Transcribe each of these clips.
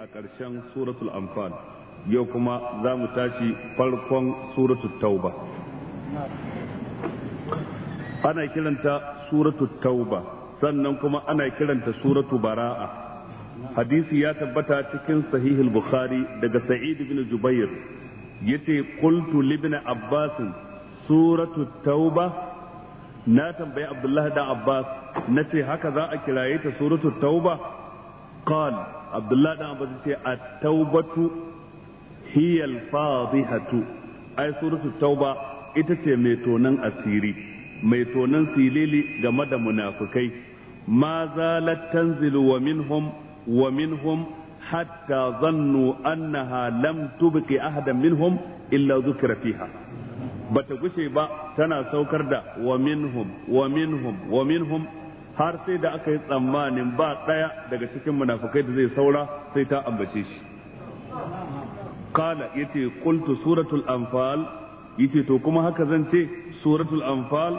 a ƙarshen suratul amfan yau kuma za mu tashi farkon suratul tauba ana kiranta suratul tauba sannan kuma ana kiranta suratu bara'a hadisi ya tabbata cikin sahihul bukhari daga sa'id ibn jubair yace qultu ibn abbas suratul tauba na tambayi abdullahi da abbas nace haka za a kiraye ta suratul tauba قال عبد الله بن عباس التوبة هي الفاضحة أي سورة التوبة itace mai tonan asiri mai tonan silili game da munafukai ma zalat tanzilu wa minhum wa minhum hatta zannu annaha lam tubqi ahadan minhum illa dhukira fiha bata gushe ba tana saukar da wa minhum wa minhum wa har sai da aka yi tsammanin ba ɗaya daga cikin munafukai da zai saura sai ta ambace shi kala yace qultu suratul anfal yace to kuma haka zan ce suratul anfal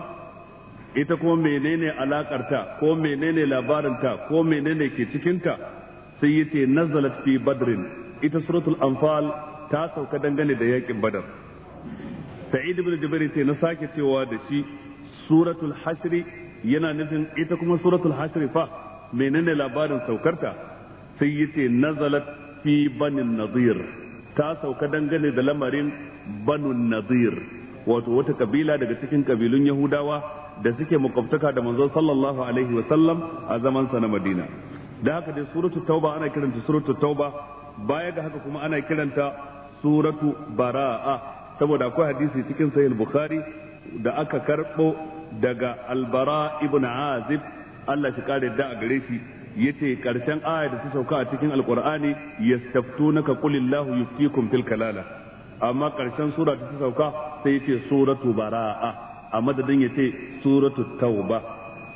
ita kuma menene alakarta ko menene labarinta ko menene ke cikinta sai yace nazalat fi badrin ita suratul anfal ta sauka dangane da yakin badar sa'id ibn jubair sai na sake cewa da shi suratul hasri yana nufin ita kuma suratul hashr fa menene labarin saukarta sai yace nazalat fi banin nadir ta sauka dangane da lamarin banun nadir wato wata kabila daga cikin kabilun yahudawa da suke makwabtaka da manzon sallallahu alaihi wasallam a zaman sa na madina da haka dai suratu tauba ana kiranta suratu tauba baya ga haka kuma ana kiranta suratu bara'a saboda akwai hadisi cikin sahih bukhari da aka karbo daga albara ibn azib Allah shi kare da a gare shi yace karshen aya da su sauka a cikin alqur'ani yastaftunaka qulillahu yuftikum fil kalala amma karshen sura da su sauka sai yace suratu baraa a madadin yace suratu tauba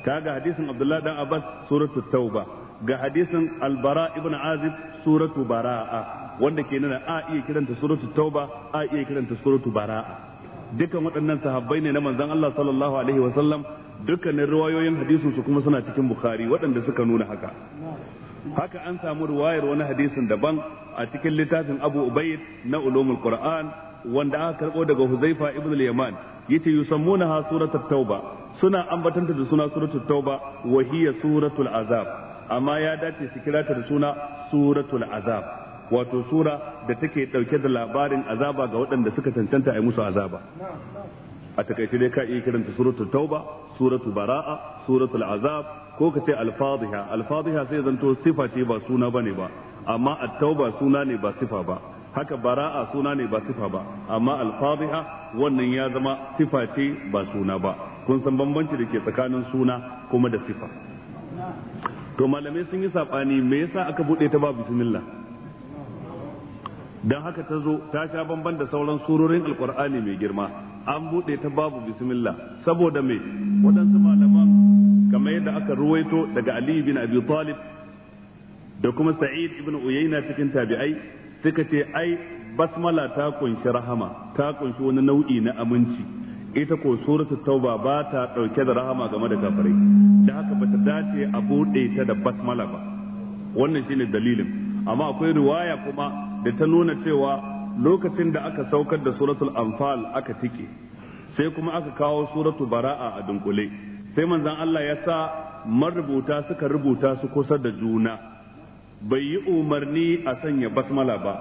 kaga hadisin abdullahi dan abbas suratu tauba ga hadisin albara ibn azib suratu baraa wanda ke nuna a iya kiranta suratu tauba a iya kiranta suratu baraa dukan waɗannan sahabbai ne na manzon Allah sallallahu alaihi wa sallam dukkanin riwayoyin hadisin su kuma suna cikin bukhari waɗanda suka nuna haka haka an samu riwayar wani hadisin daban a cikin littafin abu ubaid na ulumul qur'an wanda aka karbo daga huzaifa ibn al-yaman yace yusammunaha suratul tauba suna ambatanta da suna suratul tauba wa hiya suratul azab amma ya dace su kira ta da suna suratul azab wato sura da take dauke da labarin azaba ga waɗanda suka cancanta a musu azaba a takaice dai ka iya kiranta suratu tauba suratu bara'a suratul azab ko ka ce al-fadhiha sai zanto sifa ce ba suna bane ba amma at-tauba suna ne ba sifa ba haka bara'a suna ne ba sifa ba amma al wannan ya zama sifa ce ba suna ba kun san bambanci da ke tsakanin suna kuma da sifa to malamai sun yi sabani me yasa aka bude ta ba bismillah dan haka ta zo ta sha bamban da sauran surorin alkur'ani mai girma an buɗe ta babu bismillah saboda me waɗansu malaman kamar yadda aka ruwaito daga Ali bin Abi Talib da kuma Sa'id ibn Uyayna cikin tabi'ai suka ce ai basmala ta kunshi rahama ta kunshi wani nau'i na aminci ita ko suratu tauba ba ta dauke da rahama game da kafirai da haka ba ta dace a buɗe ta da basmala ba wannan shine dalilin amma akwai riwaya kuma da ta nuna cewa lokacin da aka saukar da suratul anfal aka tike sai kuma aka kawo suratu bara'a a dunkule sai manzan Allah ya sa marubuta suka rubuta su kusa da juna bai yi umarni a sanya basmala ba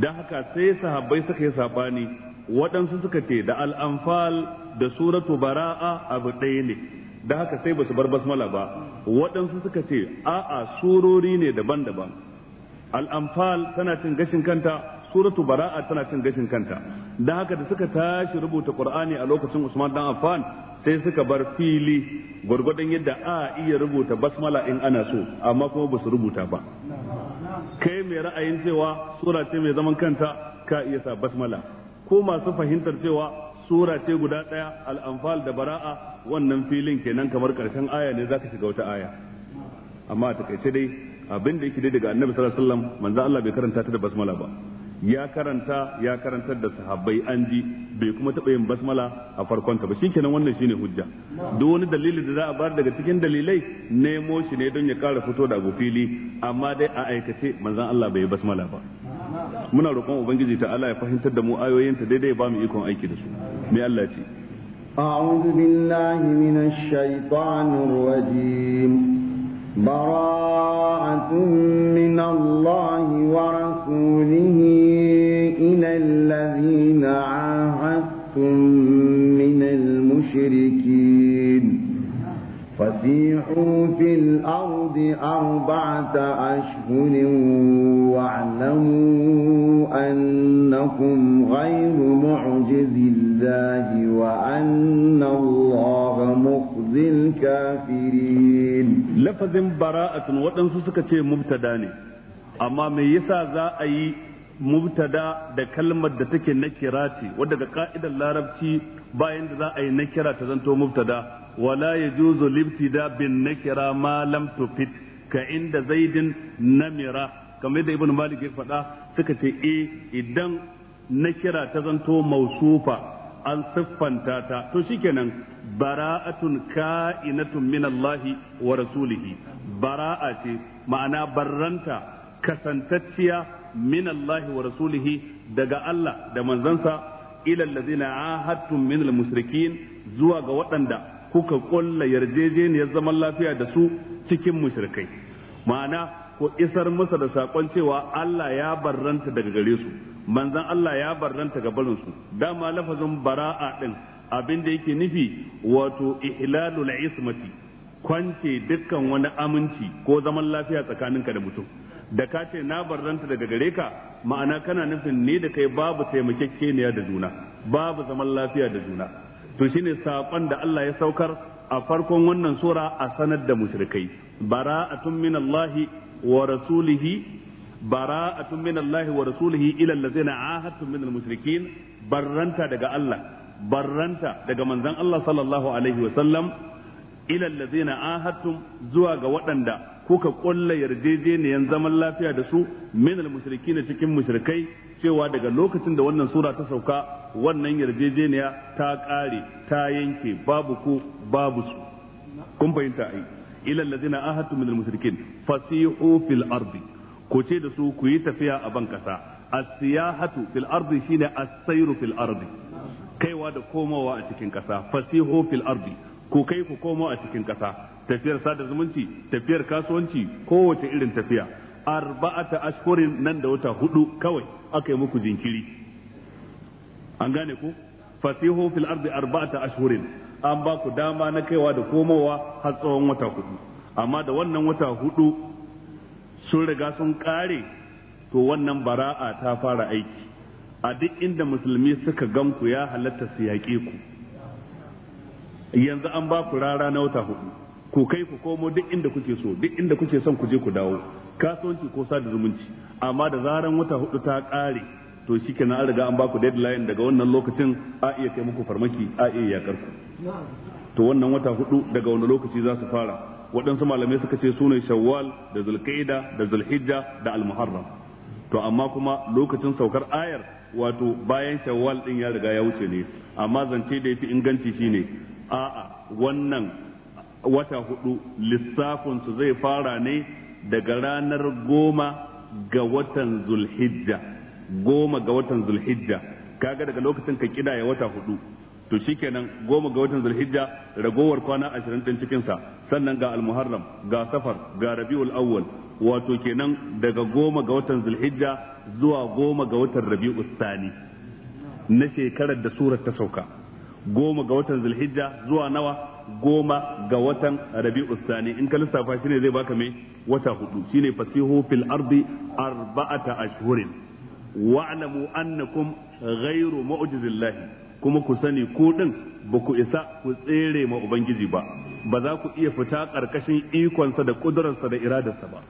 da haka sai sahabbai suka yi sabani waɗansu suka ce da al'amfal da suratu bara'a abu ɗaya ne da haka sai ba su bar basmala ba waɗansu suka ce a'a surori ne daban-daban al tana cin gashin kanta suratu bara'a tana cin gashin kanta dan haka da suka tashi rubuta qur'ani a lokacin Usman dan afan sai suka bar fili gwargwadon yadda a iya rubuta basmala in ana so amma kuma ba su rubuta ba kai mai ra'ayin cewa sura ce mai zaman kanta ka iya sa basmala ko masu fahimtar cewa sura ce guda ɗaya al'amfal da bara'a wannan filin kenan kamar karshen aya ne za ka shiga wata aya amma a takaice dai abin da yake dai daga annabi sallallahu alaihi wasallam manzo Allah bai karanta ta da basmala ba ya karanta ya karantar da sahabbai an ji bai kuma taɓa yin basmala a farkon ta ba shi kenan wannan shine hujja duk wani dalili da za a bar daga cikin dalilai nemo shi ne don ya ƙara fito da fili amma dai a aikace manzon Allah bai yi basmala ba muna roƙon ubangiji ta Allah ya fahimtar da mu ayoyin ayoyinta daidai ba mu ikon aiki da su me Allah ce a'udhu billahi minash الشيطان الرجيم براءة من الله ورسوله إلى الذين عاهدتم من المشركين فسيحوا في الأرض أربعة أشهر واعلموا أنكم غير معجز الله وأن الله مخزي الكافرين in lafazin bara'atun waɗansu suka ce mubtada ne amma me yasa za a yi mubtada da kalmar da take nakira ce wadda ga ka'idar larabci bayan da za a yi nakira ta zanto mubtada wala yajuzu libtida bin nakira ma lam tufit ka inda zaidin namira kamar yadda ibn malik ya faɗa suka ce e idan nakira ta zanto mausufa an siffanta ta to shikenan bara'atun ka'inatun min Allah wa rasulihi bara'a ce ma'ana barranta kasantacciya min Allah wa rasulihi daga Allah da manzansa ila allazina ahadtum min al-mushrikin zuwa ga waɗanda kuka ƙulla yarjejeniyar zaman lafiya da su cikin mushrikai ma'ana ko isar musa da sakon cewa Allah ya barranta daga gare su manzan Allah ya barranta ga barinsu dama lafazin bara'a din abin da yake nufi wato ihlalul ismati kwance dukkan wani aminci ko zaman lafiya tsakaninka da mutum da ka ce na barranta daga gare ka ma'ana kana nufin ne da kai babu ne da juna babu zaman lafiya da juna to shine sakon da Allah ya saukar a farkon wannan sura a sanar da mushrikai bara'atun min Allah wa rasulihi bara'atun min Allah wa rasulihi ila allazina ahadtum min al-mushrikeen barranta daga Allah barranta daga manzon Allah sallallahu alaihi wa sallam ila allazina ahadtum zuwa ga waɗanda kuka ƙulla yarjejeniyan zaman lafiya da su min almushrikin cikin mushrikai cewa daga lokacin da wannan sura ta sauka wannan yarjejeniya ta ƙare ta yanke babu ku babu su kun fahimta ai ila allazina ahadtum min almushrikin fasihu fil ardi ku ce da su ku yi tafiya a ban kasa as-siyahatu fil ardi shine as-sayru fil ardi kaiwa da komowa a cikin ƙasa fasihu fil ardi ku kai ku komo a cikin ƙasa tafiyar sada zumunci tafiyar kasuwanci kowace irin tafiya arba'ata ashhurin nan da wata hudu kawai aka yi muku jinkiri an gane ku fasihu fil ardi arba'ata ashhurin an ba ku dama na kaiwa da komowa har tsawon wata hudu amma da wannan wata hudu sun riga sun kare to wannan bara'a ta fara aiki a duk inda musulmi suka gan ku ya halatta su yaƙe ku yanzu an ba ku rara na wata hudu ku kai ku komo duk inda kuke so duk inda kuke son ku je ku dawo kasuwanci ko sada zumunci amma da zaran wata hudu ta ƙare to shi kenan an riga an ba ku deadline daga wannan lokacin a iya kai muku farmaki a iya yakar ku to wannan wata hudu daga wani lokaci za su fara waɗansu malamai suka ce sunan shawwal da Zulkaida da zulhijja da almuharram to amma kuma lokacin saukar ayar wato bayan shawwal din ya riga ya wuce ne amma zance da yafi inganci shine a'a wannan wata hudu lissafin su zai fara ne daga ranar goma ga watan zulhijja goma ga watan zulhijja kaga daga lokacin ka ya wata hudu to shikenan goma ga watan zulhijja ragowar kwana ashirin din cikin sa sannan ga almuharram ga safar ga rabiul awwal wato kenan daga goma ga watan zulhijja zuwa goma ga watan rabi'u tsani na shekarar da surar ta sauka goma ga watan zulhijja zuwa nawa goma ga watan rabi'u tsani in ka lissafa shine zai baka mai wata hudu shine fasihu fil ardi arba'ata ashhurin wa'lamu annakum ghayru mu'jizillahi kuma ku sani ku din ba ku isa ku tsere ma ubangiji ba ba za ku iya fita karkashin ikonsa da kudurarsa da iradarsa ba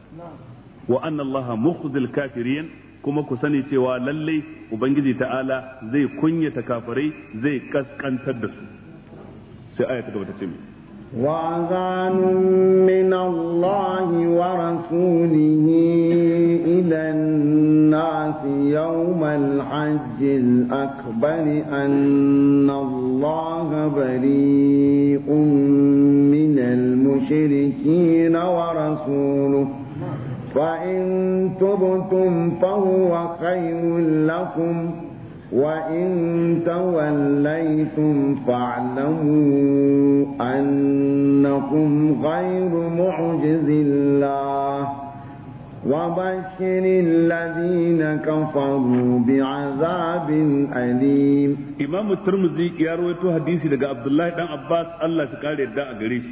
wa anna allaha mukhzil kafirin kuma ku sani cewa lallai ubangiji ta'ala zai kunyata kafirai zai kaskantar da su sai aya ta gaba ta ce mu وأذان من الله ورسوله إلى الناس يوم الحج الأكبر أن الله بريء من المشركين ورسوله فإن تبتم فهو خير لكم وإن توليتم فاعلموا أنكم غير معجز الله وبشر الذين كفروا بعذاب أليم إمام الترمذي يروي حديث لقى عبد الله بن عباس الله تكالي الداء قريش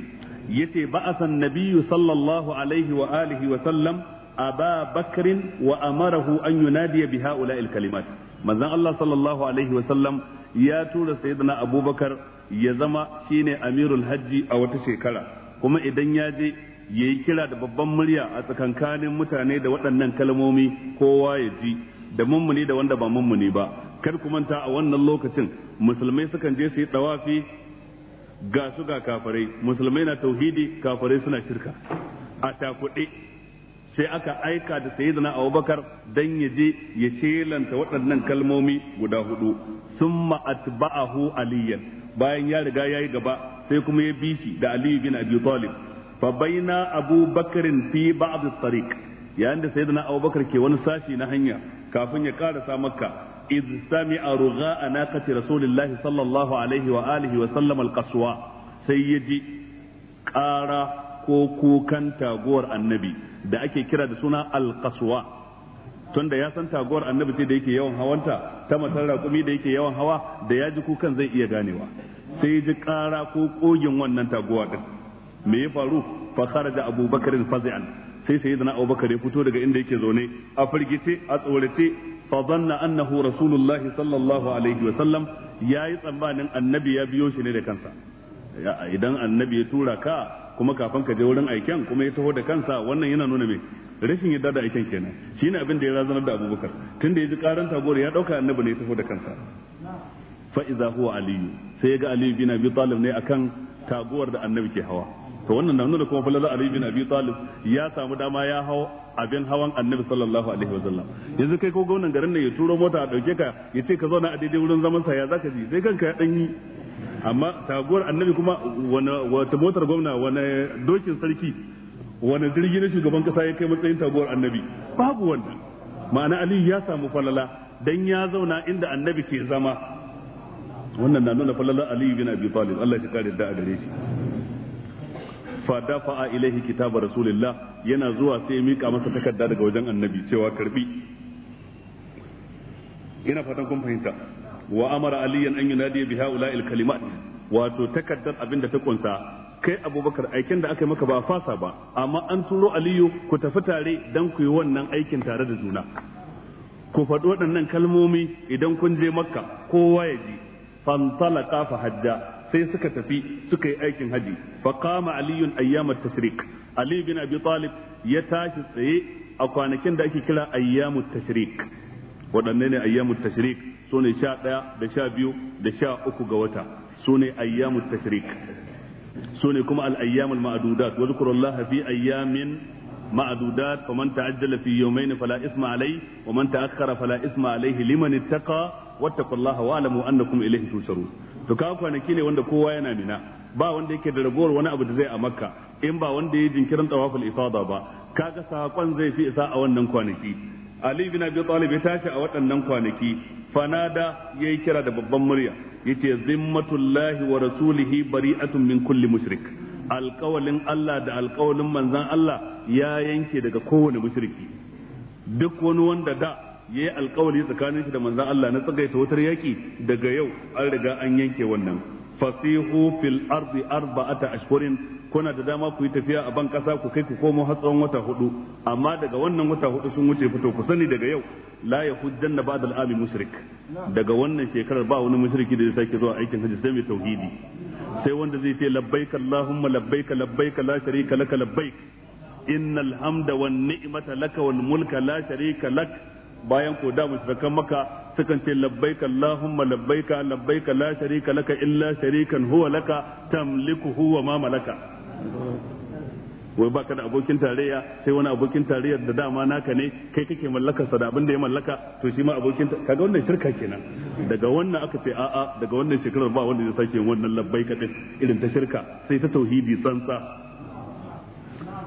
yace ba'athan nabiyyu sallallahu alaihi wa alihi wa sallam aba bakrin wa amarahu an yunadiya bi ha'ula'il kalimat manzon Allah sallallahu alaihi wa sallam ya tura sayyidina abubakar ya zama shine amirul hajji a wata shekara kuma idan ya je yayi kira da babban murya a tsakankanin mutane da waɗannan kalmomi kowa ya ji da mummuni da wanda ba mummuni ba kar ku manta a wannan lokacin musulmai sukan je su yi ga su ga kafirai musulmai na tauhidi kafirai suna shirka a takuɗe sai aka aika da sayyidina abubakar dan ya je ya shelanta waɗannan kalmomi guda hudu summa atba'ahu aliyan bayan ya riga yayi gaba sai kuma ya bi shi da aliyu bin abi talib fa baina abubakarin fi ba'd tariq yayin da sayyidina abubakar ke wani sashi na hanya kafin ya karasa makka إذ سمع رغاء ناقة رسول الله صلى الله عليه وآله وسلم القصوى سيجي قارا كوكوكا تاغور النبي da ake kira da suna alkaswa tunda ya san taguwar annabi ce da yake yawan hawanta ta matar raƙumi da yake yawan hawa da ya ji kukan zai iya ganewa sai ji ƙara ko ƙogin wannan taguwa din me ya faru fa kharaja abubakar fazi'an sai sai da abubakar ya fito daga inda yake zaune a firgice a tsorace fa na annahu rasulullahi sallallahu alaihi wa sallam yayi tsammanin annabi ya biyo shi ne da kansa idan annabi ya tura ka kuma kafin ka je wurin aiken kuma ya taho da kansa wannan yana nuna me rashin yadda da aiken kenan shine abin da ya razanar da abubakar tunda ya ji karan tagowar ya dauka annabi ne ya taho da kansa fa iza huwa aliyu sai ya ga aliyu bin abi talib ne akan taguwar da annabi ke hawa to wannan na nuna kuma falala Ali bin Abi Talib ya samu dama ya hau abin hawan Annabi sallallahu alaihi wasallam yanzu kai ko gwamnan garin nan ya turo mota a dauke ka ya ce ka zauna a daidai wurin zaman sa ya zaka ji sai kanka ya danyi yi amma taguwar Annabi kuma wani wata motar gwamna wani dokin sarki wani jirgi na shugaban kasa ya kai matsayin taguwar Annabi babu wannan ma'ana Ali ya samu falala dan ya zauna inda Annabi ke zama wannan na nuna falala Ali bin Abi Talib Allah ya kare da a gare shi fa dafa'a ilaihi kitaba rasulillah yana zuwa sai ya mika masa takarda daga wajen annabi cewa karbi ina fatan kun fahimta wa amara aliyan an yunadi bi haula'il kalimat wato takaddar abinda ta kunsa kai abubakar aikin da aka yi maka ba fasa ba amma an turo aliyu ku tafi tare dan ku yi wannan aikin tare da juna ku faɗi waɗannan kalmomi idan kun je makka kowa ya ji fantalaka fa hajja sai suka tafi suka yi aikin haji fa qama aliyun ayyamat tashrik ali bin abi talib ya tashi tsaye a kwanakin da ake kira ayyamut tashrik waɗanne ne ayyamut tashrik sune ne sha ɗaya da sha biyu da sha uku ga wata sune ne ayyamut tashrik su kuma al-ayyamul ma'dudat wa zikrullahi fi ayyamin ma'dudat faman ta'ajjala fi yawmayn fala isma alayhi wa man ta'akhkhara fala isma alayhi liman ittaqa wattaqullaha wa'lamu annakum ilayhi tusharun to ka kwanaki ne wanda kowa yana mina ba wanda yake da ragowar wani abu da zai a makka in ba wanda ya jinkirin tawaful ifada ba kaga sakon zai fi isa a wannan kwanaki ali bin abi talib ya tashi a waɗannan kwanaki fanada yayi kira da babban murya yace zimmatullahi wa rasulihi bari'atun min kulli mushrik alƙawalin Allah da alƙawalin manzan Allah ya yanke daga kowane mushriki duk wani wanda da ya yi alkawari tsakanin shi da manzan Allah na tsagaita wutar yaki daga yau an riga an yanke wannan fasihu fil ardi arba'ata ashkurin kuna da dama ku yi tafiya a ban kasa ku kai ku komo har tsawon wata hudu amma daga wannan wata hudu sun wuce fito ku sani daga yau la hujjan na ba'dal ami mushrik daga wannan shekarar ba wani mushriki da zai sake zuwa aikin hajji sai mai tauhidi sai wanda zai ce labbaik allahumma labbaik labbaik la sharika laka labbaik innal hamda wan ni'mata laka wal mulka la sharika laka bayan ko da mushrikan maka sukan ce labbaika allahumma labbaika labbaika la sharika laka illa sharikan huwa laka tamliku huwa ma malaka wai baka da abokin tarayya sai wani abokin tarayya da dama naka ne kai kake mallakar sa da abin da ya mallaka to shi ma abokin kaga wannan shirka kenan daga wannan aka ce a'a daga wannan shekarar ba wanda zai sake wannan labbaika din irin ta shirka sai ta tauhidi tsantsa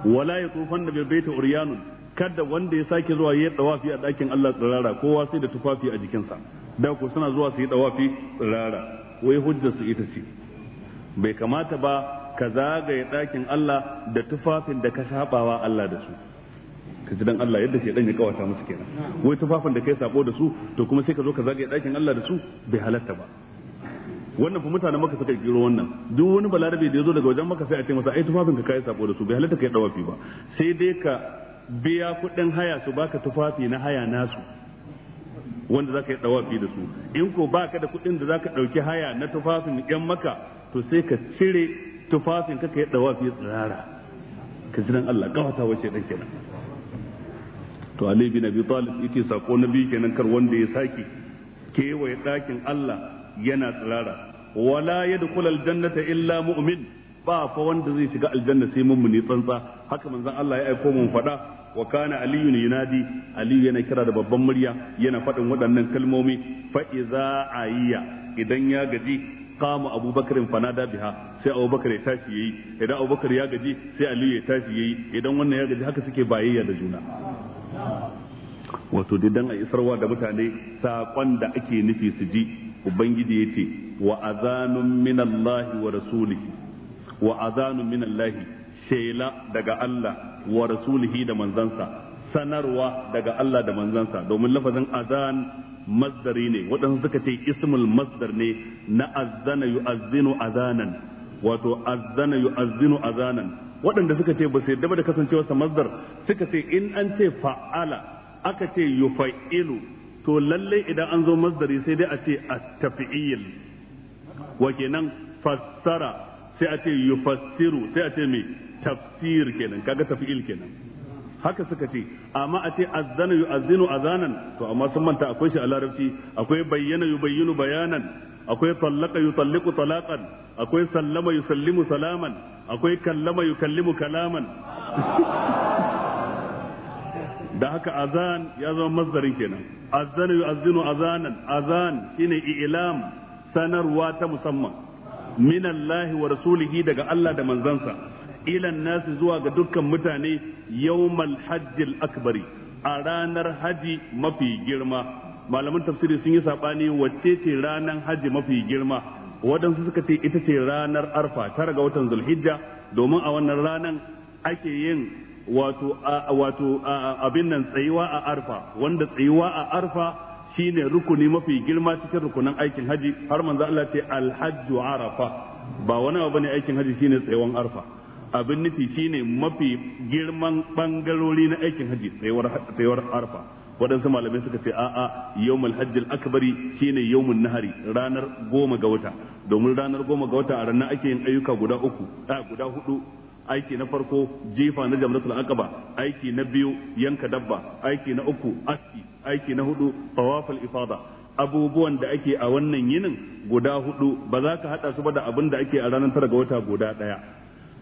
wala yatufanna bil baiti uryanun kada wanda ya sake zuwa ya dawafi a dakin Allah tsirara kowa sai da tufafi a jikinsa da ku suna zuwa su yi dawafi tsirara wai hujjar su ita ce bai kamata ba ka zagaye dakin Allah da tufafin da ka shabawa Allah da su ka ji dan Allah yadda ke dan ya kawata musu kenan wai tufafin da kai sako da su to kuma sai ka zo ka zagaye dakin Allah da su bai halatta ba wannan fa mutanen maka suka kiro wannan duk wani balarabe da ya zo daga wajen maka sai a ce masa ai tufafin ka kai sako da su bai halatta kai dawafi ba sai dai ka biya kuɗin haya su baka tufafi na haya nasu wanda za ka yi ɗawafi da su in ko ba ka da kuɗin da za ka ɗauki haya na tufafin yan maka to sai ka cire tufafin ka yi ɗawafi tsirara ka ji nan Allah gawata wace ɗan kenan to Ali bin Abi Talib yake sako na biyu kenan kar wanda ya sake kewaye ɗakin Allah yana tsirara wala yadkhulul jannata illa mu'min ba fa wanda zai shiga aljanna sai mun muni tsantsa haka manzon Allah ya aiko mun fada wa kana aliyu yunadi aliyu yana kira da babban murya yana fadin waɗannan kalmomi fa iza ayya idan ya gaji kama abubakar fanada biha sai abubakar ya tashi yayi idan abubakar ya gaji sai aliyu ya tashi yayi idan wannan ya gaji haka suke bayayya da juna wato didan a isarwa da mutane saƙon da ake nufi su ji ubangiji ya ce wa azanun minallahi wa rasulihi wa azanun min Allah shela daga Allah wa rasulihi da manzansa sanarwa daga Allah da manzansa domin lafazin azan masdari ne waɗansu suka ce ismul masdar ne na azzana yu'azzinu azanan wato azzana yu'azzinu azanan waɗanda suka ce ba su da kasancewarsa masdar suka ce in an ce fa'ala aka ce yufa'ilu to lallai idan an zo masdari sai dai a ce at-tafi'il wa kenan fassara sai a ce yufassiru sai a ce mai tafsir kenan kaga tafi'il kenan haka suka ce amma a ce azzana yu'azzinu azanan to amma sun manta akwai shi a larabci akwai bayyana yubayyinu bayanan akwai tallaka yutalliqu talaqan akwai sallama yusallimu salaman akwai kallama yukallimu kalaman da haka azan ya zama mazdarin kenan azzana yu'azzinu azanan azan shine i'lam sanarwa ta musamman minallahi wa rasulihi daga Allah da manzansa ilan nasu zuwa ga dukkan mutane yawmal hajjil akbari a ranar haji mafi girma malaman tafsiri sun yi sabani wacce ce ranar haji mafi girma waɗansu suka ce ita ce ranar arfa tara ga watan zulhijja domin a wannan ranar ake yin wato wato abin nan tsayuwa a arfa wanda tsayuwa a arfa shine rukuni mafi girma cikin rukunin aikin haji har manzo Allah ce alhajju arafa ba wani abu bane aikin haji shine tsayawan arfa abin nufi shine mafi girman bangarori na aikin haji tsayawar arfa waɗansu malamai suka ce a'a yawmul aka akbari shine yawmun nahari ranar goma ga wata domin ranar goma ga wata a ranar ake yin ayyuka guda uku a guda hudu aiki na farko jefa na jamratul aqaba aiki na biyu yanka dabba aiki na uku aski aiki na hudu tawaful ifada abubuwan da ake a wannan yinin guda hudu ba za ka hada su ba da abin da ake a ranar tara ga wata guda daya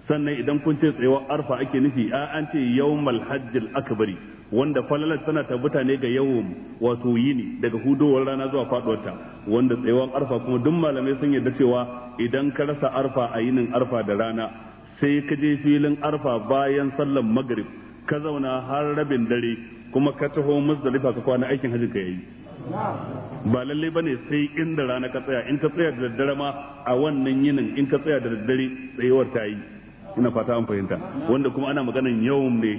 sannan idan kun ce tsayuwar arfa ake nufi a an ce yawmal hajjil akbari wanda falalar tana tabbata ne ga yawon wato yini daga hudowar rana zuwa faduwarta wanda tsayuwar arfa kuma duk malamai sun yarda cewa idan ka rasa arfa a yinin arfa da rana sai ka je filin arfa bayan sallan magrib ka zauna har rabin dare kuma ka taho musdalifa ka kwana aikin hajji ka yayi ba lalle bane sai inda rana ka tsaya in ka tsaya da daddare ma a wannan yinin in ka tsaya da daddare tsayuwar ta yi ina fata an fahimta wanda kuma ana maganan yawm ne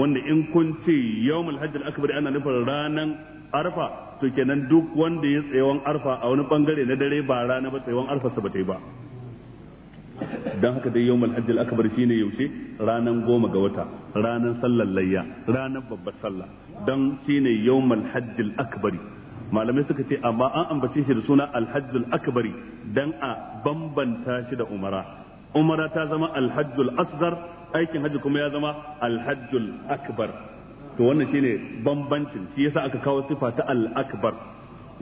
wanda in kun ce yawmul hajji al akbar ana nufin ranan arfa to kenan duk wanda ya tsayawan arfa a wani bangare na dare ba rana ba tsayawan arfa sa ba ta yi ba dan haka dai yawmul hajjil akbar shine yaushe ranan goma ga wata ranan sallar layya ranan babbar sallah dan shine yawmul hajjil akbari malamai suka ce amma an ambace shi da suna alhajjul akbari dan a bambanta shi da umara umara ta zama alhajjul asgar aikin hajji kuma ya zama alhajjul akbar to wannan shine bambancin shi yasa aka kawo sifa ta al akbar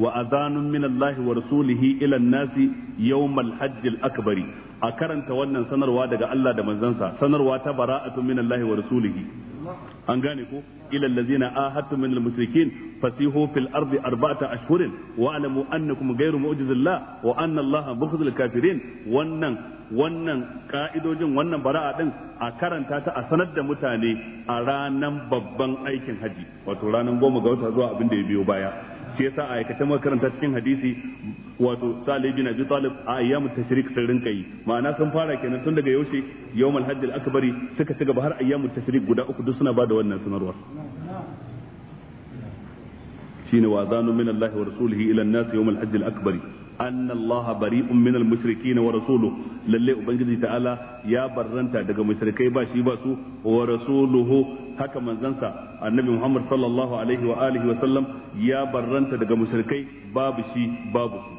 wa azanun min Allah wa rasulihi ila an-nasi yawm al-hajj al-akbari a karanta wannan sanarwa daga Allah da manzansa sanarwa ta bara'atun min Allah wa rasulihi an gane ko ila allazina ahadtu min almusyrikin fasihu fil ardi arba'ata ashhurin wa alamu annakum ghayru mu'jizillah wa anna Allah kafirin wannan wannan ka'idojin wannan bara'a din a karanta ta a sanar da mutane a ranan babban aikin haji wato ranan goma ga wata zuwa abin da ya biyo baya shi yasa a aikata muka karanta cikin hadisi wato Salih bin Abi Talib a ayyamu tashrik sun rinka yi ma'ana sun fara kenan tun daga yaushe yawmal hajj al-akbari suka ci gaba har ayyamu tashrik guda uku duk suna bada wannan sanarwar shine wa zanu min Allah wa rasulihi ila an-nas yawmal hajj al-akbari anna Allah bari'un minal mushrikin wa rasuluhu lalle ubangiji ta'ala ya barranta daga mushrikai ba shi ba su wa rasuluhu haka manzansa annabi Muhammad sallallahu alaihi wa alihi wa sallam ya baranta daga mushrikai babu shi babu su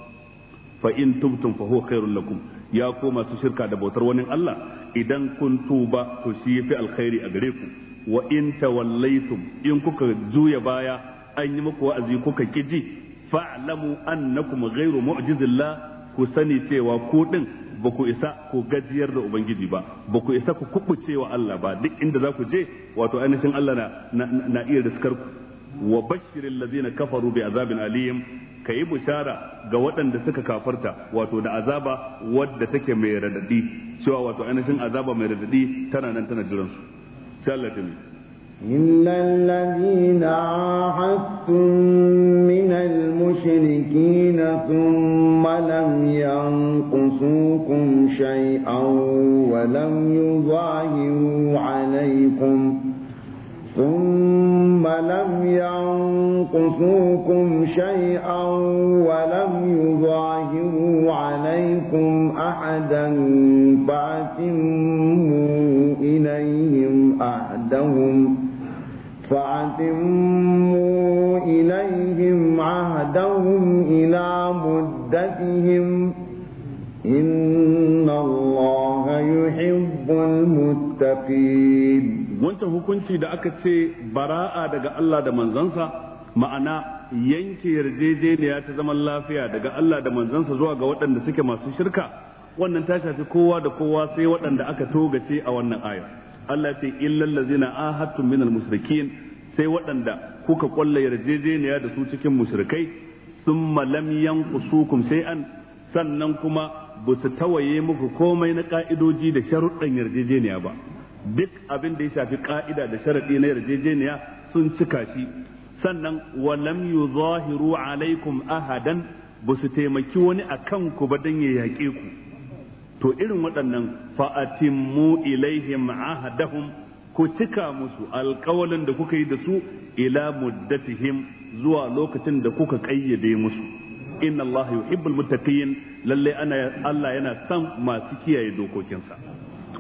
fa in tubtum fa huwa khairul lakum ya koma masu shirka da bautar wani Allah idan kun tuba to shi yafi alkhairi a gare ku wa in tawallaytum in kuka juya baya an yi muku wa'azi kuka kiji fa'lamu annakum ghairu mu'jizillah ku sani cewa ku din ba ku isa ku gajiyar da ubangiji ba ba ku isa ku kubuce Allah ba duk inda za ku je wato ainihin Allah na na iya riskar ku wa bashirin lazina kafaru bi azabin aliyim ka yi bushara ga waɗanda suka kafarta wato da azaba wadda take mai radadi cewa wato ainihin azaba mai radadi tana nan tana jiran su sallatin إلا الذين عاهدتم المشركين ثم لم ينقصوكم شيئا ولم يظاهروا عليكم ثم لم ينقصوكم شيئا ولم يظاهروا عليكم أحدا فأتموا إليهم أحدهم فأتموا المتقين wancan hukunci da aka ce bara'a daga Allah da manzansa ma'ana yanke yarjejeniya ta zaman lafiya daga Allah da manzansa zuwa ga waɗanda suke masu shirka wannan ta shafi kowa da kowa sai waɗanda aka togace a wannan ayar Allah ce illal ladzina ahadtum minal musrikin sai waɗanda kuka kwalla yarjejeniya da su cikin sun summa lam yanqusukum shay'an sannan kuma basu su tawaye muku komai na ka'idoji da sharuɗan yarjejeniya ba duk abin da ya shafi ka'ida da sharadi na yarjejeniya sun cika shi sannan walam yuzahiru alaikum ahadan ba su taimaki wani a kanku ba don ya yaƙe ku to irin waɗannan fa'atimmu ilaihim ahadahum ku cika musu alƙawalin da kuka yi da su ila muddatihim zuwa lokacin da kuka ƙayyade musu inna allaha yuhibbul muttaqin lalle ana Allah yana san masu kiyaye dokokinsa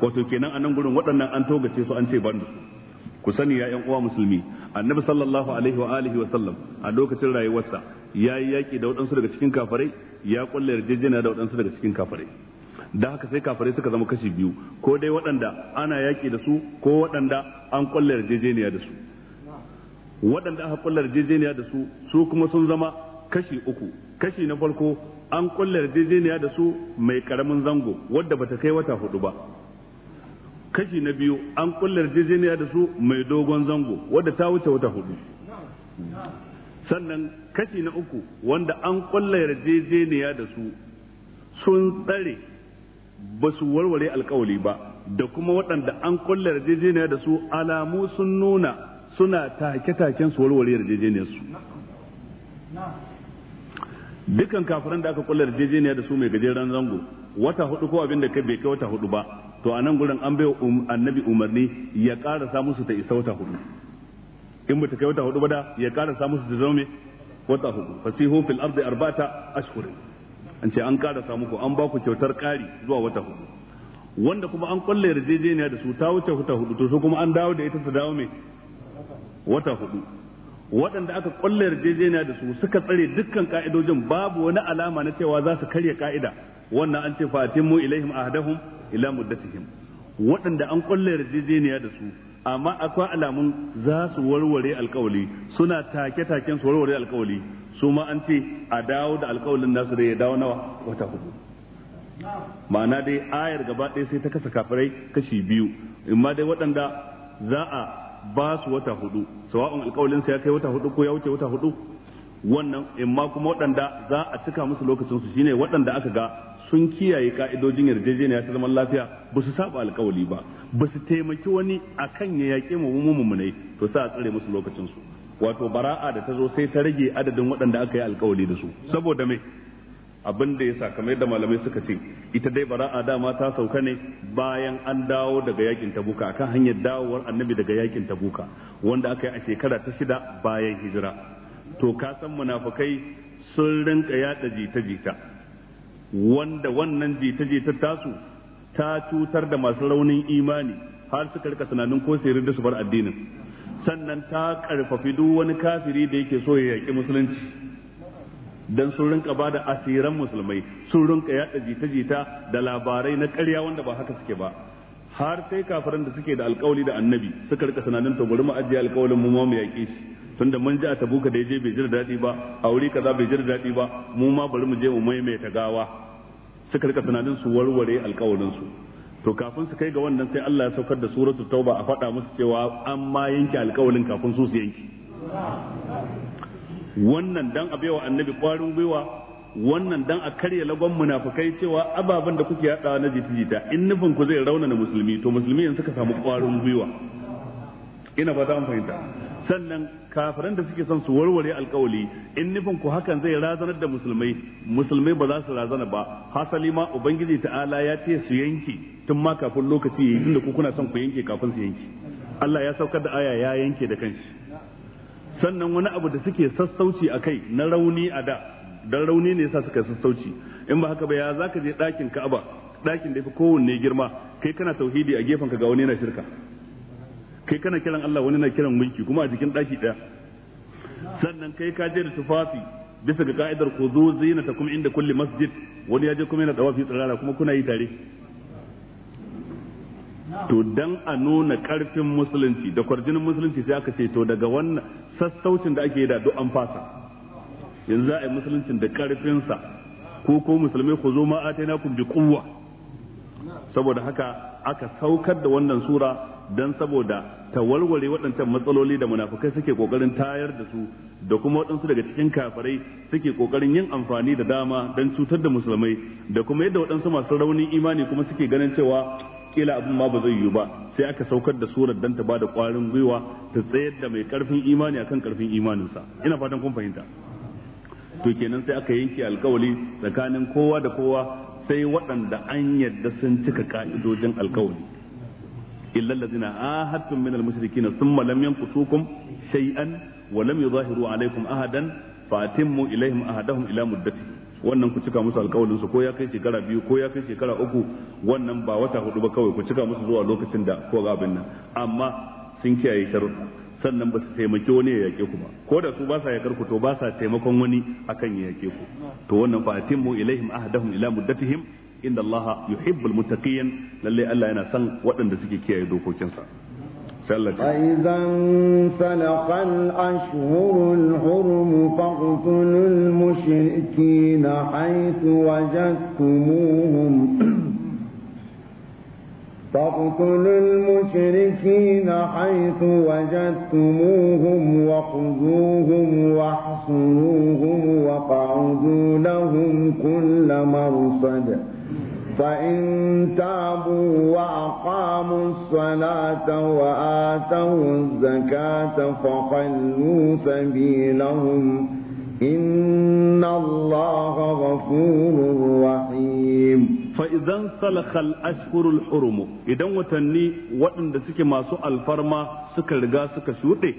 wato kenan a nan gurin waɗannan an togace su an ce ban da su ku sani ya uwa musulmi annabi sallallahu alaihi wa alihi wa sallam a lokacin rayuwarsa ya yi yaƙi da waɗansu daga cikin kafirai ya ƙulla yarjejeniya da waɗansu daga cikin kafirai da haka sai kafirai suka zama kashi biyu ko dai waɗanda ana yaki da su ko waɗanda an ƙulla yarjejeniya da su waɗanda aka ƙulla yarjejeniya da su su kuma sun zama kashi uku kashi na farko an ƙulla yarjejeniya da su mai karamin zango wadda bata kai wata hudu ba kashi na biyu an kullar jejeniya da su mai dogon zango wadda ta wuce wata hudu sannan kashi na uku wanda an kullar yarjejeniya da su sun tsare ba su warware alkawali ba da kuma waɗanda an kulla yarjejeniya da su alamu sun nuna suna take-taken su warware yarjejeniyar su dukan kafiran da aka kullar yarjejeniya da su mai gajeren zango wata hudu ko abin da bai kai wata hudu ba to a nan gurin an bai um-, annabi umarni ya karasa musu ta isa wata hudu in ba ta kai wata hudu ba da ya karasa musu ta zama wata hudu fasihu fil ardi arbata ashhurin an ce an karasa muku an ba ku kyautar kari zuwa wata hudu wanda kuma an kwalle yarjejeniya da su ta wuce wata hudu to su kuma an dawo da ita ta dawo mai wata hudu waɗanda aka kwalle yarjejeniya da su suka tsare dukkan ka'idojin babu wani alama na cewa za su karya ka'ida wannan an ce fatin mu ilaihim ahdahum ila muddatihim waɗanda an kulle yarjejeniya da su amma akwai alamun za su warware alkawali suna take taken su warware alkawali su ma an ce a dawo da alkawalin nasu da ya dawo nawa wata hudu ma'ana dai ayar gaba ɗaya sai ta kasa kafirai kashi biyu amma dai waɗanda za a ba su wata hudu sawa'un alkawalin ya kai wata hudu ko ya wuce wata hudu wannan amma kuma waɗanda za a cika musu lokacin su shine waɗanda aka ga sun kiyaye ka'idojin yarjejeniya ta zaman lafiya ba su saba alkawali ba ba su taimaki wani a kan ya yaƙe mu mummunai to sa a tsare musu lokacinsu wato bara'a da ta zo sai ta rage adadin waɗanda aka yi alkawali da su saboda me abin da ya yasa kamar yadda malamai suka ce ita dai bara'a dama ta sauka ne bayan an dawo daga yakin tabuka akan hanyar dawowar annabi daga yakin tabuka wanda aka yi a shekara ta shida bayan hijira to ka san munafukai sun rinka yada jita-jita wanda wannan jita-jita tasu ta cutar da masu raunin imani har suka rika tunanin ko sayar da su bar addinin sannan ta karfafi duk wani kafiri da yake so ya yaƙi musulunci dan sun rinka ba da asiran musulmai sun rinka yaɗa jita-jita da labarai na ƙarya wanda ba haka suke ba har sai kafiran da suke da alƙawali da annabi suka rika tunanin to bari mu ajiye alƙawalin mu ma mu yaƙe shi tunda mun ji a tabuka da je bai ji da daɗi ba a wuri kaza bai ji da daɗi ba mu ma bari mu je mu maimaita gawa suka rika tunanin su warware alkawarin su to kafin su kai ga wannan sai Allah ya saukar da suratul tauba a faɗa musu cewa an ma yanke alƙawarin kafin su su yanke wannan dan a annabi kwarin gwiwa wannan dan a karya lagon munafukai cewa ababen da kuke yadawa na jita-jita in nufin ku zai raunana musulmi to musulmi yanzu suka samu kwarin gwiwa ina ba an fahimta sannan kafiran da suke son su warware alkawali in nufin ku hakan zai razanar da musulmai musulmai ba za su razana ba hasali ma ubangiji ta'ala ya ce su yanke tun ma kafin lokaci yayi tunda ku kuna son ku yanke kafin su yanke Allah ya saukar da aya ya yanke da kanshi sannan wani abu da suke sassauci a kai na rauni a da dan rauni ne yasa suka sassauci in ba haka ba ya zaka je ɗakin Ka'aba ɗakin da fi kowanne girma kai kana tauhidi a gefen ka ga wani na shirka kai kana kiran Allah wani na kiran mulki kuma a jikin daki daya sannan kai ka je da tufafi bisa ga ka'idar ku zo kuma inda kulli masjid wani ya je kuma yana dawafi tsirara kuma kuna yi tare to dan a nuna karfin musulunci da kwarjinin musulunci sai aka ce to daga wannan sassaucin da ake yi da duk an fasa yanzu za a yi musuluncin da karfinsa ko ko musulmai ku zo ma ku bi kuwa saboda haka aka saukar da wannan sura dan saboda ta warware waɗancan matsaloli da munafukai suke kokarin tayar da su da kuma waɗansu daga cikin kafirai suke kokarin yin amfani da dama dan cutar da musulmai da kuma yadda waɗansu masu raunin imani kuma suke ganin cewa kila abin ma ba zai yiwu ba sai aka saukar da surar dan ta bada ƙwarin gwiwa ta tsayar da mai ƙarfin imani akan karfin imaninsa ina fatan kun fahimta to kenan sai aka yanke alkawali tsakanin kowa da kowa sai waɗanda an yarda sun cika ƙa'idojin alkawali illa allazina ahadtum min almushrikin thumma lam yanqusukum shay'an wa lam yuzahiru alaykum ahadan fa atimmu ilayhim ahadahum ila wannan ku cika musu alƙawarin su ko ya kai shekara biyu ko ya kai shekara uku wannan ba wata hudu ba kawai ku cika musu zuwa lokacin da ko ga abin nan amma sun kiyaye sharuɗa sannan ba su taimaki wani ya yake ku ba ko da su ba sa yakar ku to ba sa taimakon wani akan ya yake ku to wannan fa atimmu ilaihim ahdahum ila muddatihim إن الله يحب المتقين للي ألا ينسن وإن دسكي كي يدوكو كنسا فإذا انسلق الأشهر الحرم فاقتلوا المشركين حيث وجدتموهم فاقتلوا المشركين حيث وجدتموهم وخذوهم واحصروهم واقعدوا لهم كل مرصد فإن تابوا وأقاموا الصلاة وآتوا الزكاة فخلوا سبيلهم إن الله غفور رحيم fa idan salakhal ashhurul hurum idan watanni waɗanda suke masu alfarma suka riga suka shuɗe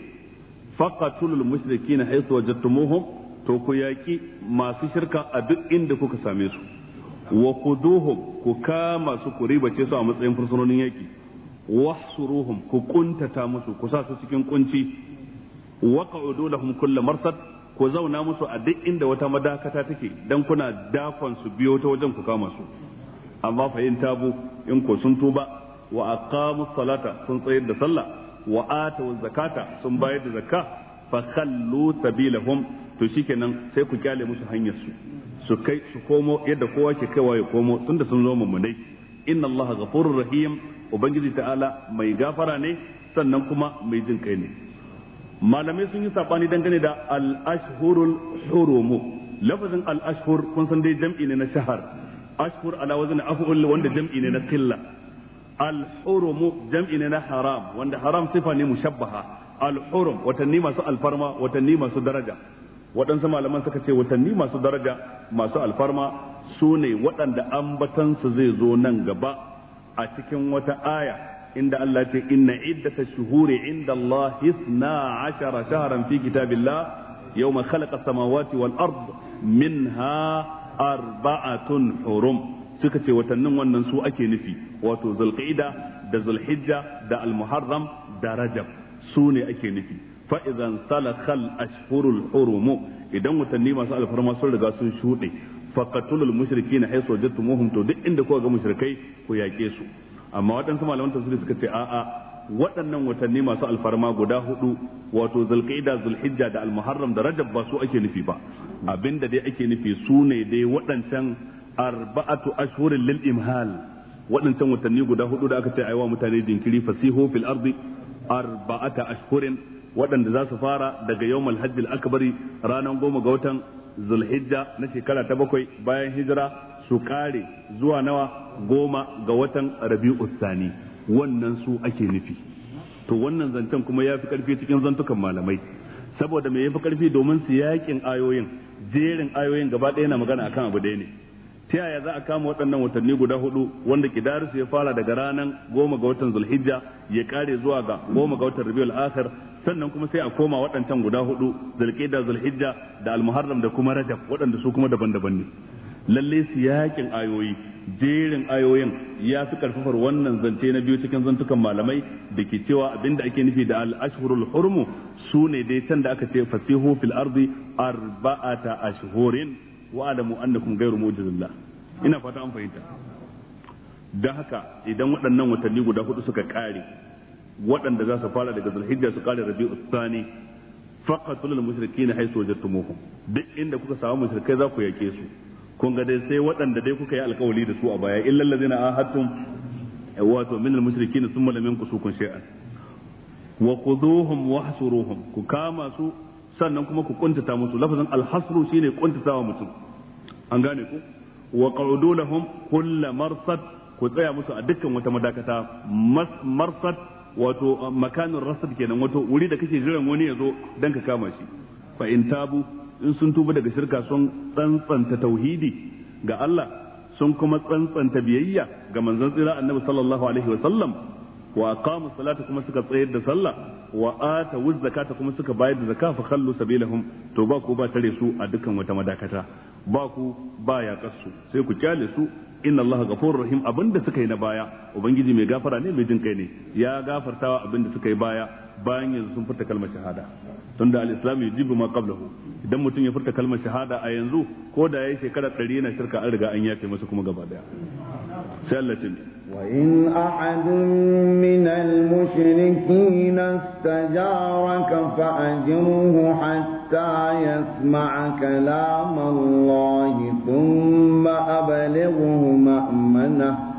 faqatulul mushrikeen haythu wajadtumuhum to ku yaƙi masu shirka a duk inda kuka same su wa quduhum ku ka masu ku ribace su a matsayin fursunonin yaƙi wahsuruhum ku kuntata musu ku sa su cikin kunci wa qa'udu lahum kullu marsad ku zauna musu a duk inda wata madakata take dan kuna dakon su biyo ta wajen ku kama su amma fa in tabu in ko sun tuba wa aqamu salata sun tsayar da sallah wa atu zakata sun bayar da zakka fa khallu sabilahum to shikenan sai ku kyale musu hanyar su su kai su komo yadda kowa ke kaiwa ya komo tunda sun zo mummunai inna allaha ghafurur rahim ubangiji ta'ala mai gafara ne sannan kuma mai jin kai ne malamai sun yi sabani dangane da al-ashhurul hurum lafazin al-ashhur kun san dai jam'i ne na shahar ashhur ala afu af'ul wanda jam'i ne na qilla al jam'i ne na haram haram sifa ne mushabbaha al-hurum watanni masu alfarma watanni masu daraja waɗansu malaman suka ce watanni masu daraja masu alfarma su ne waɗanda ambatansu zai zo nan gaba a cikin wata aya inda Allah ce inna iddata shuhuri inda Allah hisna ashara shaharan fi kitabillah yawma khalaqa samawati wal ard minha arba'atun hurum suka ce watannin wannan su ake nufi wato zulqa'ida da zulhijja da almuharram da rajab su ne ake nufi fa idan salakhal ashhurul hurum idan watanni masu alfarma sun riga sun shuɗe faqatul mushrikeena haythu wajadtumuhum to duk inda kuka ga mushrikai ku yake su amma waɗansu malaman tafsiri suka ce a'a waɗannan watanni masu alfarma guda hudu wato zulqa'ida zulhijja da almuharram da rajab ba su ake nufi ba abinda dai ake nufi su ne dai waɗancan arba'atu ashhurin lil imhal waɗancan watanni guda hudu da aka ce aiwa mutane jinkiri fasihu fil ardi arba'ata ashhurin waɗanda za su fara daga yawmal aka akbari ranar goma ga watan zulhijja na shekara ta bakwai bayan hijira su kare zuwa nawa goma ga watan rabi'u sani wannan su ake nufi to wannan zancen kuma ya fi karfi cikin zantukan malamai saboda mai ya fi karfi domin su yakin ayoyin jerin ayoyin gaba ɗaya na magana akan abu ɗaya ne ta yaya za a kama waɗannan watanni guda hudu wanda kidarsu ya fara daga ranar goma ga watan zulhijja ya kare zuwa ga goma ga watan rabiul akhir sannan kuma sai a koma waɗancan guda hudu zulqa'da zulhijja da almuharram da kuma rajab waɗanda su kuma daban-daban ne lalle yakin ayoyi jerin ayoyin ya fi karfafar wannan zance na biyu cikin zantukan malamai da ke cewa abinda ake nufi da al-ashhurul hurmu su ne dai can da aka ce fasihu fil ardi arba'ata ashhurin wa alamu annakum ghayru mujizillah ina fata an fahimta da haka idan waɗannan watanni guda hudu suka kare waɗanda za su fara daga zulhijja su kare rabi'u thani faqatul mushrikin haythu wajadtumuhum duk inda kuka samu mushrikai za ku yake su kun ga dai sai waɗanda dai kuka yi alkawali da su a baya illal ladzina ahadtum wato min al-mushrikin thumma lam yanqusukum shay'an wa khuduhum wahsuruhum ku kama su sannan kuma ku kuntata musu lafazin alhasru hasru shine kuntatawa mutum an gane ku wa qa'udu lahum kull marsad ku tsaya musu a dukkan wata madakata marsad wato makanin rasad kenan wato wuri da kake jiran wani ya zo dan ka kama shi fa in tabu in sun tuba daga shirka sun tsantsanta tauhidi ga Allah sun kuma tsantsanta biyayya ga manzon tsira annabi sallallahu alaihi wa sallam wa aqamu salata kuma suka tsayar da sallah wa atu zakata kuma suka bayar da zakka fa khallu sabilahum to ba ku ba tare su a dukkan wata madakata ba ku ba ya kasu sai ku kyale su inna allaha ghafurur rahim abinda suka yi na baya ubangiji mai gafara ne mai jin kai ne ya gafartawa abinda suka yi baya bayan yanzu sun furta kalmar shahada tunda al-islam yujibu ma qablahu idan mutum ya furta kalmar shahada a yanzu ko da yayi shekara 100 yana shirka an riga an yafe masa kuma gaba daya sai Allah ce wa in ahadun min al-mushrikin istajaraka fa ajruhu hatta yasma'a kalam Allah thumma ablighu ma'manahu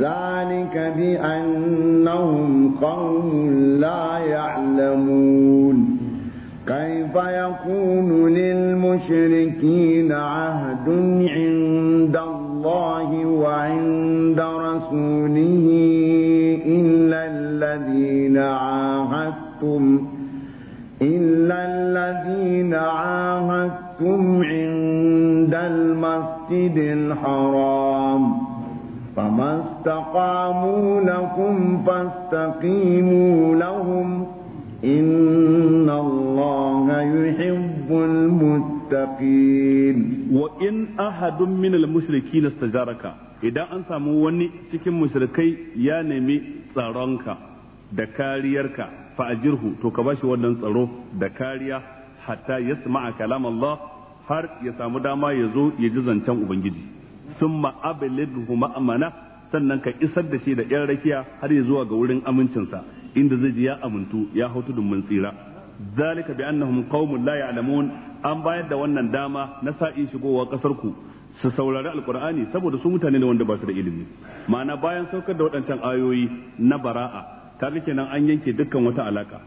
ذلك بأنهم قوم لا يعلمون كيف يكون للمشركين عهد عند الله وعند رسوله إلا الذين عاهدتم إلا الذين عاهدتم عند المسجد الحرام فمن اسْتَقَامُوا لَكُمْ فَاسْتَقِيمُوا لَهُمْ إِنَّ اللَّهَ يُحِبُّ الْمُتَّقِينَ وَإِنْ أَحَدٌ مِنَ الْمُشْرِكِينَ اسْتَجَارَكَ idan an samu wani cikin mushrikai ya nemi tsaronka da kariyarka fa'ajirhu to ka bashi wannan tsaro da kariya hatta yasma'a kalam Allah har ya samu dama ya zo ya ji zancen ubangiji summa ablighu ma'amana sannan ka isar da shi da yan rakiya har ya zuwa ga wurin amincinsa inda zai ji ya amintu ya hau tudun mun tsira zalika bi annahum qaumun la ya'lamun an bayar da wannan dama na sa'i shigowa kasar ku su saurari alkur'ani saboda su mutane ne wanda ba su da ilimi ma'ana bayan saukar da waɗancan ayoyi na bara'a kaga kenan an yanke dukkan wata alaka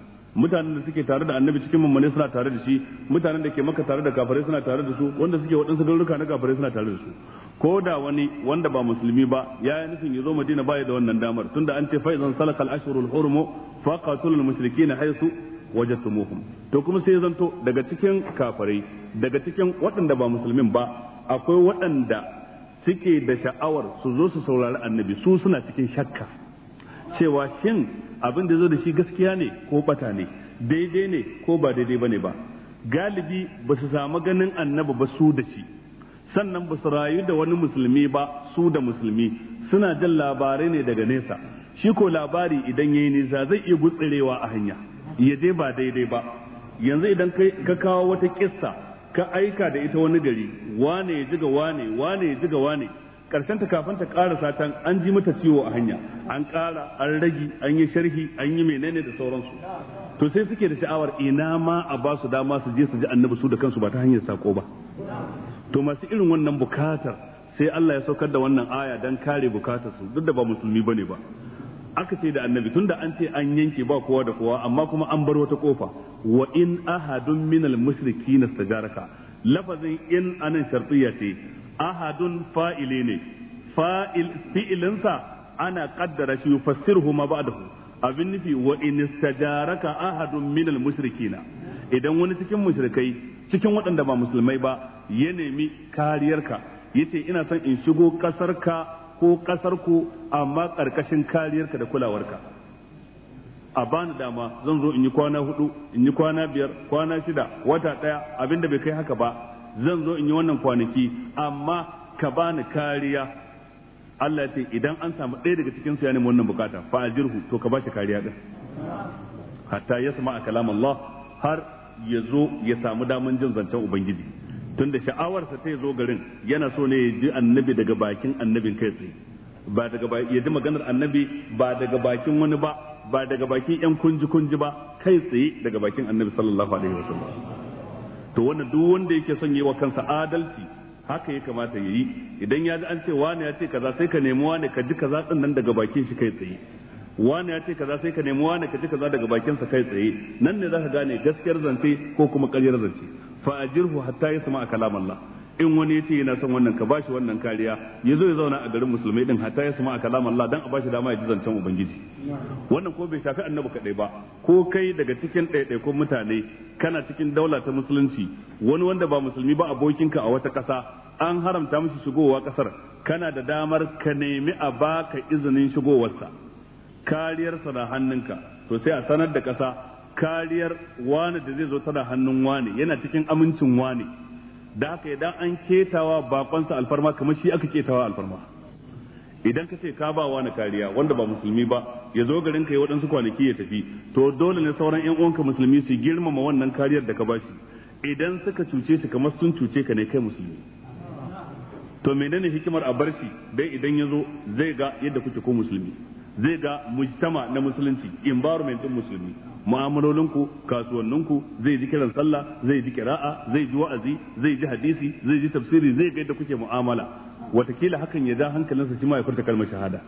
mutanen da suke tare da annabi cikin mummune suna tare da shi mutanen da ke maka tare da kafirai suna tare da su wanda suke waɗansu garuruka na kafirai suna tare da su ko da wani wanda ba musulmi ba ya yi nufin ya zo madina baya da wannan damar tunda an ce fa idan salakal ashhurul hurumu faqatul mushrikin haythu wajadtumuhum to kuma sai zanto daga cikin kafirai daga cikin waɗanda ba musulmin ba akwai waɗanda suke da sha'awar su zo su saurari annabi su suna cikin shakka cewa shin abin da zo da shi gaskiya ne ko bata ne daidai ne ko ba daidai bane ba galibi ba su samu ganin annabi ba su da shi sannan ba su rayu da wani musulmi ba su da musulmi suna jin labarai ne daga nesa shi ko labari idan yayi nisa zai iya gutsirewa a hanya ya je ba daidai ba yanzu idan ka kawo wata kissa ka aika da ita wani gari wane ya jiga wane wane ya jiga wane karshen ta kafin ta ƙara satan an ji mata ciwo a hanya an ƙara an ragi an yi sharhi an yi menene da sauransu to sai suke da sha'awar ina ma a ba su dama su je su ji annabi su da kansu ba ta hanyar sako ba to masu irin wannan bukatar sai Allah ya saukar da wannan aya dan kare bukatar su duk da ba musulmi bane ba aka ce da annabi tunda an ce an yanke ba kowa da kowa amma kuma an bar wata kofa wa in ahadun minal musriki nastajaraka lafazin in anan shartiyya ce ahadun fa'ile ne fa'il fi'ilinsa ana kaddara shi yufassirhu ma ba'dahu abin nufi wa in istajaraka ahadun minal mushrikina idan wani cikin mushrikai cikin waɗanda ba musulmai ba ya nemi kariyarka yace ina son in shigo ƙasarka ko ƙasarku amma ƙarƙashin kariyarka da kulawarka a bani dama zan zo in yi kwana hudu in yi kwana biyar kwana shida wata ɗaya abin da bai kai haka ba zan zo in yi wannan kwanaki amma ka bani kariya Allah ce idan an samu ɗaya daga cikin su ya nemi wannan bukata fa ajirhu to ka bashi kariya din hatta yasma'a kalam Allah har ya zo ya samu daman jin zancen ubangiji tunda sha'awarsa ta zo garin yana so ne ya ji annabi daga bakin annabin kai tsaye ba daga ya ji maganar annabi ba daga bakin wani ba ba daga bakin yan kunji kunji ba kai tsaye daga bakin annabi sallallahu alaihi wasallam to wannan duk wanda yake son yi wa kansa adalci haka ya kamata ya yi idan ya ji an ce wani ya ce kaza sai ka nemi wani ka ji kaza din nan daga bakin shi kai tsaye wani ya ce kaza sai ka nemi wani ka ji kaza daga bakin sa kai tsaye nan ne zaka gane gaskiyar zance ko kuma ƙaryar zance fa ajirhu hatta yasma kalam Allah in wani yace yana son wannan ka bashi wannan kariya ya zo ya zauna a garin musulmai din hatta yasma kalam Allah dan a bashi dama ya ji zancen ubangiji wannan ko bai shafi annabi kadai ba ko kai daga cikin ɗaiɗaikun mutane kana cikin daula ta musulunci wani wanda ba musulmi ba abokinka a wata ƙasa an haramta mishi shigowa ƙasar kana da damar ka nemi a baka izinin shigowarsa kariyarsa da hannunka to sai a sanar da ƙasa kariyar wani da zai zo tana hannun wani yana cikin amincin wani da haka idan an ketawa bakonsa alfarma kamar shi aka ketawa alfarma idan ka ce ka ba wani kariya wanda ba musulmi ba ya zo garin ka yi waɗansu kwanaki ya tafi to dole ne sauran uwan uwanka musulmi su girmama wannan kariyar da ka ba shi idan suka cuce shi kamar sun cuce ka ne kai musulmi to menene hikimar a bar shi dai idan ya zo zai ga yadda kuke ko musulmi zai ga mujtama na musulunci environment din musulmi kasuwannin ku zai ji kiran sallah zai ji kira'a zai ji wa'azi zai ji hadisi zai ji tafsiri zai ga yadda kuke mu'amala watakila hakan ya da hankalinsa sa ma ya furta kalmar shahada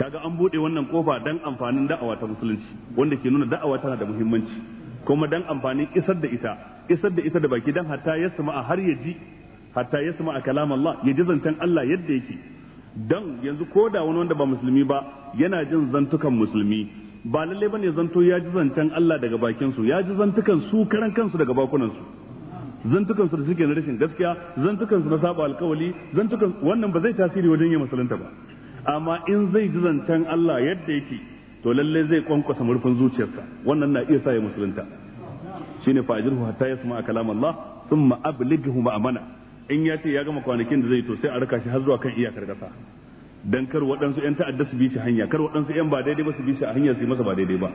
kaga an bude wannan kofa dan amfanin da'awa ta musulunci wanda ke nuna da'awa tana da muhimmanci kuma dan amfanin isar da ita isar da ita da baki dan hatta ya sama har ya ji hatta ya sama kalam Allah ya ji zancen Allah yadda yake dan yanzu ko da wani wanda ba musulmi ba yana jin zantukan musulmi ba lalle bane zanto ya ji zantan Allah daga bakin su ya ji zantukan su karan kansu daga bakunan su zantukan su da suke na rashin gaskiya zantukan su na saba alkawali zantukan wannan ba zai tasiri wajen yin musulunta ba amma in zai ji zantan Allah yadda yake to lalle zai kwankwasa murfin zuciyarsa wannan na iya sa ya musulunta shine fa'idhu hatta yasma'a kalam Allah thumma ablighu ma'amana in ya ce ya gama kwanakin da zai to sai a raka shi har zuwa kan iyakar kasa dan kar waɗansu yan ta'adda su bi shi hanya kar waɗansu yan ba daidai ba su bi shi a hanya su yi masa ba daidai ba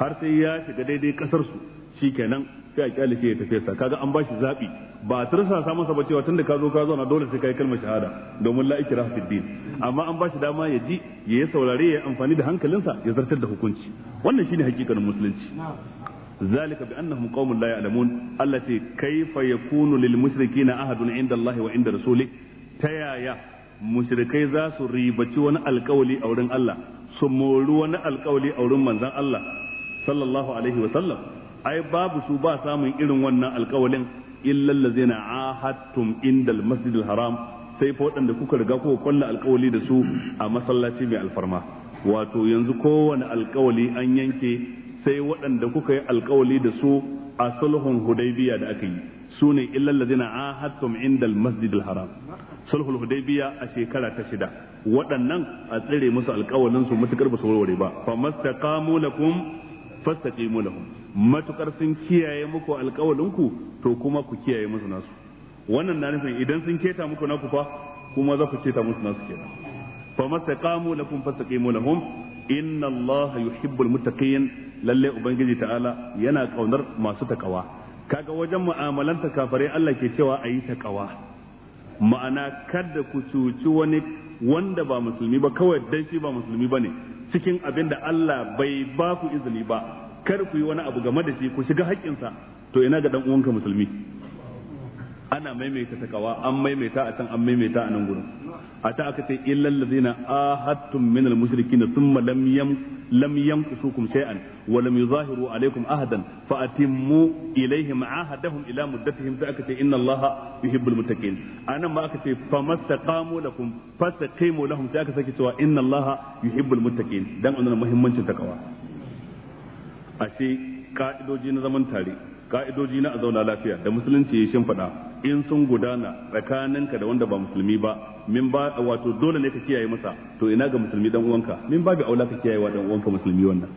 har sai ya shiga daidai kasar su shikenan sai a kyale shi ya tafi sa kaga an ba shi zabi ba a sa masa ba cewa tunda ka zo ka zo na dole sai kai kalmar shahada domin la ikraha fid din amma an ba shi dama ya ji ya yi saurare ya amfani da hankalinsa ya zartar da hukunci wannan shine hakikanin musulunci zalika bi annahum qaumun la ya'lamun Allah ce kaifa yakunu lil mushrikina ahadun inda Allah wa inda rasulih ta yaya mushrikai za su ribaci wani alkawali a wurin Allah su mori wani alkawali a wurin manzon Allah sallallahu alaihi wa sallam ai babu su ba samun irin wannan alkawalin illa allazina ahadtum indal masjidil haram sai fa waɗanda kuka riga kuka kwalla alkawali da su a masallaci mai alfarma wato yanzu kowane alkawali an yanke sai waɗanda kuka yi alkawali da su a sulhun hudaybiya da aka yi su ne illal ladina ahadtum indal masjidil haram sulhul hudaybiya a shekara ta shida waɗannan a tsire musu alkawalin su matukar ba su warware ba fa mastaqamu lakum fastaqimu lahum matukar sun kiyaye muku alkawalin ku to kuma ku kiyaye musu nasu wannan na nufin idan sun keta muku naku fa kuma za ku keta musu nasu kenan fa mastaqamu lakum fastaqimu lahum inna allaha yuhibbul muttaqin lalle ubangiji ta'ala yana kaunar masu takawa kaga wajen mu'amalanta kafare Allah ke cewa ayi takawa ma'ana kada ku cuci wani wanda ba musulmi ba kawai dan shi ba musulmi bane cikin abin da Allah bai ba ku izini ba kar ku yi wani abu game da shi ku shiga haƙƙinsa to ina ga dan uwanka musulmi ana maimaita takawa an maimaita a can an maimaita a nan gurin a ta aka ce illal ladina ahadtum min al mushrikina thumma lam yam lam yanqusukum shay'an wa lam yuzahiru alaykum ahadan fa atimmu ilayhim ahadahum ila muddatihim sai aka ce inna allaha yuhibbul muttaqin anan ba aka ce famastaqamu lakum fastaqimu lahum ta aka sake cewa inna allaha yuhibbul muttaqin dan annan muhimmancin takawa ashe ka'idoji na zaman tare ka'idoji na a zauna lafiya da musulunci ya shin faɗa in sun gudana tsakaninka da wanda ba musulmi ba min ba wato dole ne ka kiyaye masa to ina ga musulmi dan uwanka min babu aula ka kiyaye wa dan uwanka musulmi wannan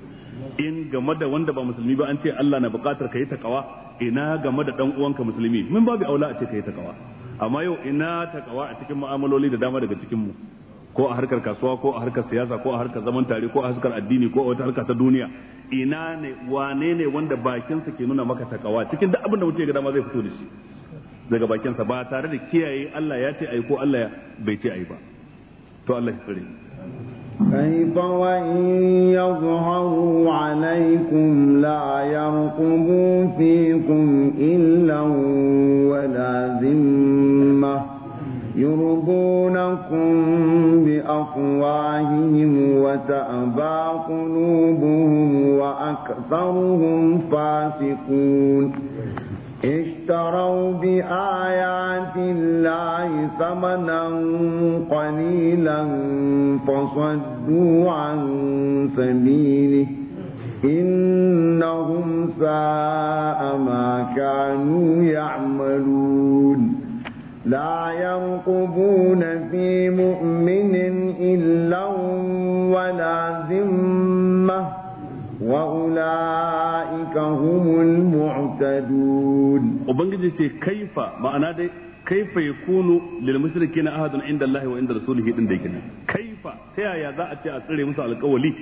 in game da wanda ba musulmi ba an ce Allah na buƙatar ka yi takawa ina game da dan uwanka musulmi min babu aula a ce ka yi takawa amma yau ina takawa a cikin mu'amaloli da dama daga cikin mu ko a harkar kasuwa ko a harkar siyasa ko a harkar zaman tare ko a harkar addini ko a wata harka ta duniya ina ne wane ne wanda bakinsa ke nuna maka takawa cikin duk abin da mutum ya ga dama zai fito da shi daga bakinsa ba tare da kiyaye Allah ya ce ayi ko Allah bai ce ayi ba to Allah ya tsare كيف وإن يظهروا عليكم لا يرقبوا فيكم إلا ولا ذمة يرضونكم بأفواههم وتأبى قلوبهم وأكثرهم فاسقون اشتروا بآيات الله ثمنا قليلا فصدوا عن سبيله إنهم ساء ما كانوا يعملون لا يرقبون في مؤمن muhtadun ubangiji ce kaifa ma'ana dai kaifa ya kunu lil mushrikeena ahadun inda Allah wa inda rasulihi din da gani kaifa ta yaya za a ce a tsare musu alƙawali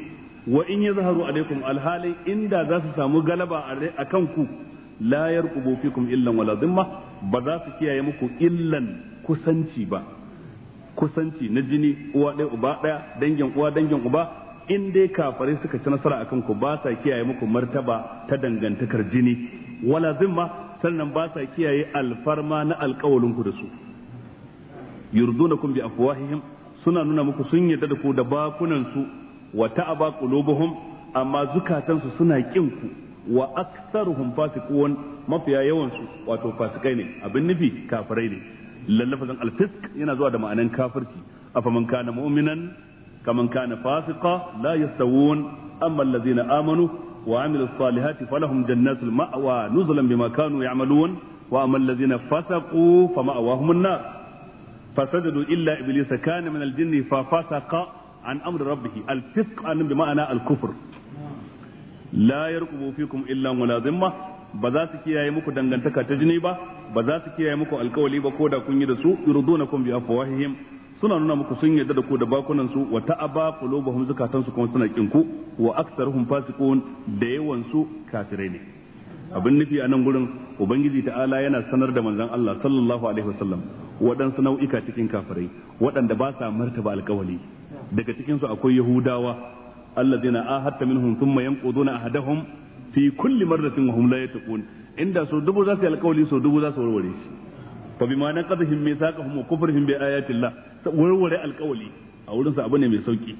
wa in yazharu alaikum alhali inda za su samu galaba a kan ku layar yarqubu fikum illa wala dhimma ba za su kiyaye muku illan kusanci ba kusanci na jini uwa ɗaya uba ɗaya dangin uwa dangin uba in dai kafari suka ci nasara akan ku ba sa kiyaye muku martaba ta dangantakar jini wala zimma sannan ba sa kiyaye alfarma na alkawalin ku da su yurdunakum bi afwahihim suna nuna muku sun yarda da ku da bakunan su wa ta'aba qulubuhum amma zukatan su suna kin ku wa aktsaruhum fasiqun mafiya yawan su wato fasikai ne abin nufi kafirai ne lallafazan alfisk yana zuwa da ma'anan kafirci afaman kana mu'minan kaman kana fasiqa la yastawun amma allazina amanu وعملوا الصالحات فلهم جنات المأوى نزلا بما كانوا يعملون وأما الذين فسقوا فمأواهم النار فسجدوا إلا إبليس كان من الجن ففسق عن أمر ربه الفسق أن بمعنى الكفر لا يرقب فيكم إلا ولا ذمة ba za su kiyaye muku dangantaka ta jini ba ba za su kiyaye muku alkawali ba ko da kun yi da su yurduna kum bi afwahihim suna nuna muku sun yarda da ku da bakunan su wa ta'aba qulubuhum zakatan su kuma suna kin ku wa aktsaruhum fasiqun da yawan su kafirai ne abin nufi a nan gurin ubangiji ta'ala yana sanar da manzon Allah sallallahu alaihi wasallam waɗansu nau'ika cikin kafirai waɗanda ba sa martaba alƙawali daga cikin su akwai yahudawa allazina ahadta minhum thumma yanquduna ahadahum fi kulli marratin wa hum la yattaqun inda so dubu za su yi alƙawali so dubu za su warware shi fa bima naqadhihim mithaqahum wa kufrihim bi ayati Allah warware alƙawali a wurin sa abu ne mai sauki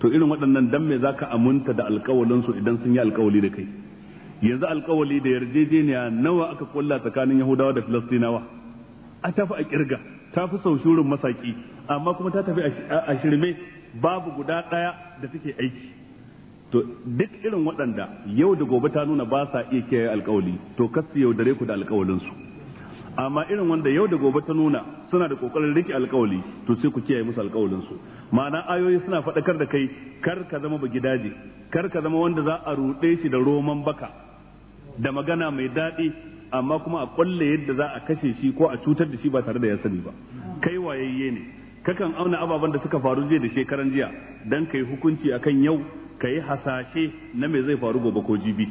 to irin waɗannan dan me zaka amunta da alƙawalin su idan sun yi alƙawali da kai yanzu alƙawali da yarjejeniya nawa aka kulla tsakanin Yahudawa da Filastinawa. a tafi a kirga ta fi sau shurin masaki amma kuma ta tafi a shirme babu guda ɗaya da suke aiki to duk irin waɗanda yau da gobe ta nuna ba sa iya kiyaye alƙawali, to kasu yaudare ku da su. amma irin wanda yau da gobe ta nuna suna da kokarin rike alƙawali to sai ku kiyaye musu alƙawalin su ma'ana ayoyi suna faɗakar da kai kar ka zama ba gidaje kar ka zama wanda za a ruɗe shi da roman baka da magana mai daɗi amma kuma a ƙwalle yadda za a kashe shi ko a cutar da shi ba tare da ya sani ba kai wayayye ne kakan auna ababen da suka faru jiya da shekaran jiya dan kai hukunci akan yau ka yi hasashe na me zai faru gobe ko jibi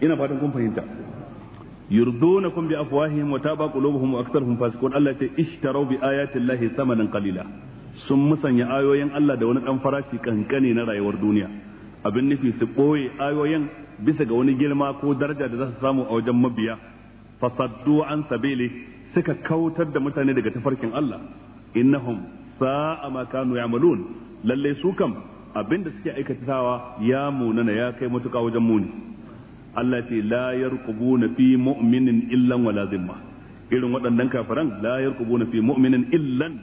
ina fatan kun fahimta yurdunakum bi afwahihim wa taba qulubuhum wa aktharuhum fasiqun Allah ta ishtaraw bi ayati Allahi thamanan qalila sun musanya ayoyin Allah da wani dan farashi kankane na rayuwar duniya abin nufi su boye ayoyin bisa ga wani girma ko daraja da za su samu a wajen mabiya fasaddu an sabili suka kautar da mutane daga tafarkin Allah innahum sa'a ma kanu ya'malun lalle su kam abinda suke aikatawa ya munana ya kai matuka wajen muni Allah ce la yarqubuna fi mu'minin illan wala zimma irin waɗannan kafiran la yarqubuna fi mu'minin illan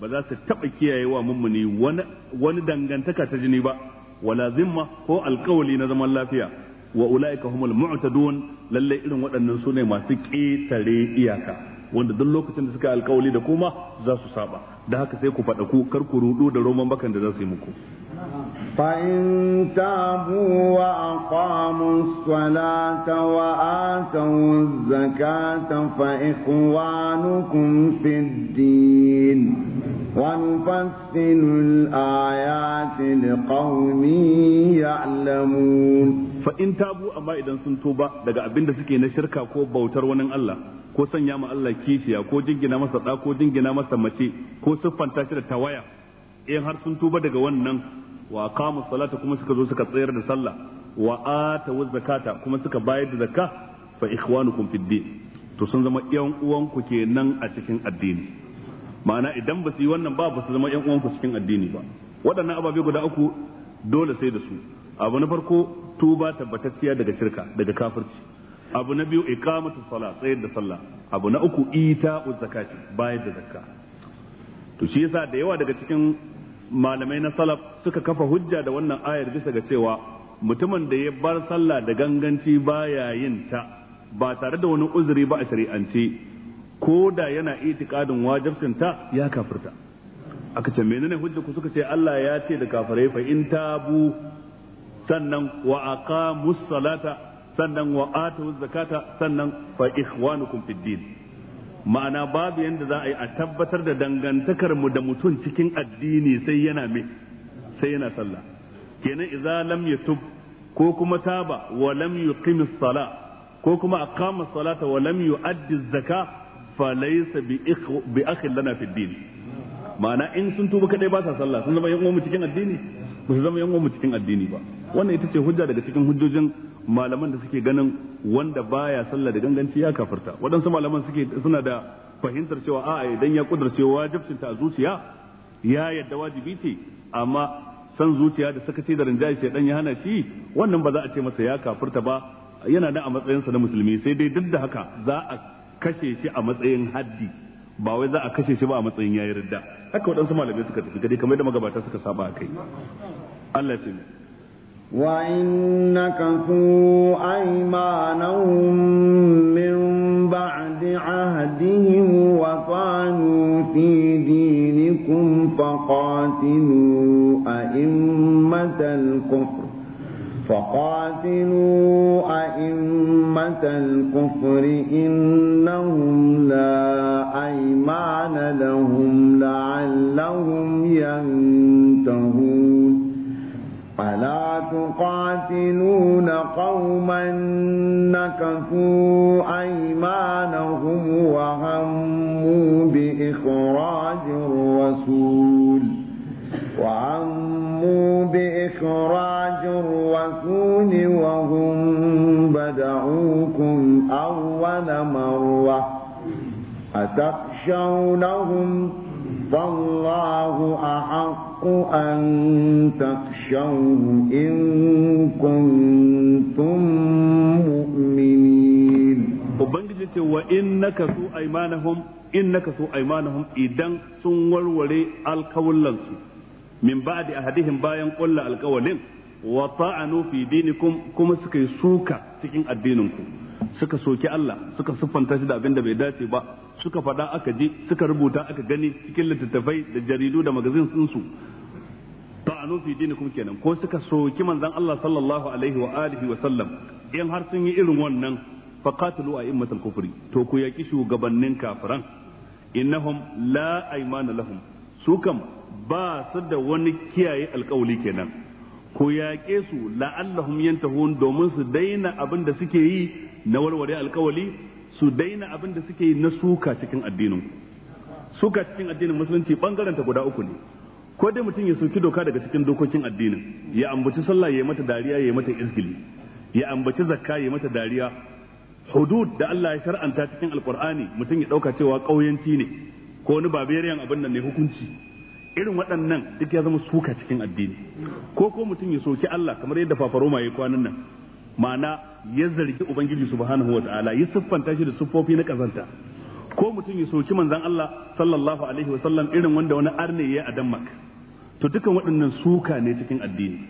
ba za su taɓa kiyayewa mummuni wani wani dangantaka ta jini ba wala zimma ko alƙawali na zaman lafiya wa ulaika humul mu'tadun lalle irin waɗannan sune masu ƙetare iyaka wanda duk lokacin da suka alƙawali da kuma za su saba da haka sai ku faɗa ku kar ku ruɗu da roman bakan da za su yi muku fa in tabu wa aqamu salata wa atu zakata fa ikhwanukum fid din wa nufassilu ayati liqaumin ya'lamun fa in tabu amma idan sun tuba daga abin da suke na shirka ko bautar wani Allah ko sanya ma Allah kishiya ko jingina masa da ko jingina masa mace ko siffanta shi da tawaya in har sun tuba daga wannan wa aqamu salata kuma suka zo suka tsayar da sallah wa atawu zakata kuma suka bayar da zakka fa ikhwanukum fid din to sun zama yan uwanku kenan a cikin addini ma'ana idan ba su yi wannan ba ba su zama yan uwanku cikin addini ba waɗannan ababe guda uku dole sai da su abu na farko tuba tabbatacciya daga shirka daga kafirci abu na biyu iqamatu sala tsayar da sallah abu na uku ita'u zakati bayar da zakka to shi yasa da yawa daga cikin malamai na salaf suka kafa hujja da wannan ayar bisa ga cewa mutumin da ya bar sallah da ganganci baya yin ta ba tare da wani uzuri ba a shari'ance ko da yana itikadin wajibcin ta ya kafirta aka ce menene hujja ku suka ce Allah ya ce da kafirai fa in tabu sannan wa aqamus salata sannan wa atuz zakata sannan fa ikhwanukum fid din ma'ana babu yanda za a yi a tabbatar da dangantakar mu da mutum cikin addini sai yana me sai yana sallah kenan idza lam yatub ko kuma taba wa lam yuqim sala ko kuma aqama as-salata wa lam yu'addi az-zaka fa laysa bi akhin lana fid din ma'ana in sun tuba kadai ba sa sallah sun zama yan uwa mu cikin addini ba su zama yan uwa mu cikin addini ba wannan ita ce hujja daga cikin hujjojin malaman da suke ganin wanda baya sallah da ganganci ya kafirta waɗansu malaman suke suna da fahimtar cewa a'a idan ya kudurce wajibcin ta zuciya ya yadda wajibi ce amma san zuciya da sakaci da rinjaye dan ya hana shi wannan ba za a ce masa ya kafirta ba yana da a matsayinsa na musulmi sai dai duk da haka za a kashe shi a matsayin haddi ba wai za a kashe shi ba a matsayin yayi ridda haka waɗansu malamai suka tafi gari kamar da magabata suka saba a kai Allah ya وإن نكثوا أيمانهم من بعد عهدهم وطعنوا في دينكم فقاتلوا أئمة الكفر فقاتلوا أئمة الكفر إنهم لا أيمان لهم لعلهم ينكرون ألا تقاتلون قوما نكثوا أيمانهم وهموا بإخراج الرسول وهموا بإخراج الرسول وهم بدعوكم أول مرة أتقتلون تخشونهم فالله أحق أن تخشوه إن كنتم مؤمنين وبنجد وإن سوء أيمانهم إنك سوء أيمانهم إذن سنور ولي القول من بعد أهدهم باين قل القولين وطعنوا في دينكم كما سكي سوكا سكين الدينكم suka soki Allah suka siffanta shi da abin da bai dace ba suka faɗa aka ji suka rubuta aka gani cikin littattafai da jaridu da magazin ta anu fi dinikum kenan ko suka soki manzon Allah sallallahu alaihi wa alihi wa sallam in har sun yi irin wannan a a'immatul kufri to ku yaki shugabannin kafiran innahum la aymana lahum su kam ba su da wani kiyaye alkawali kenan ku yaƙe su la'allahum yantahun domin su daina abin da suke yi na warware alkawali su daina abin da suke yi na suka cikin addinin suka cikin addinin musulunci bangaren ta guda uku ne ko dai mutum ya soki doka daga cikin dokokin addinin ya ambaci sallah ya mata dariya ya mata izgili ya ambaci zakka ya mata dariya hudud da Allah ya shar'anta cikin alkur'ani mutum ya dauka cewa kauyanci ne ko wani baberiyan abin nan ne hukunci irin waɗannan duk ya zama suka cikin addini ko ko mutum ya soki Allah kamar yadda fafaroma ya kwanan nan ma'ana ya zargi ubangiji subhanahu wataala ya siffanta shi da siffofi na kazanta ko mutum ya soki manzon Allah sallallahu alaihi wa sallam irin wanda wani arne ya a Denmark to dukan waɗannan suka ne cikin addini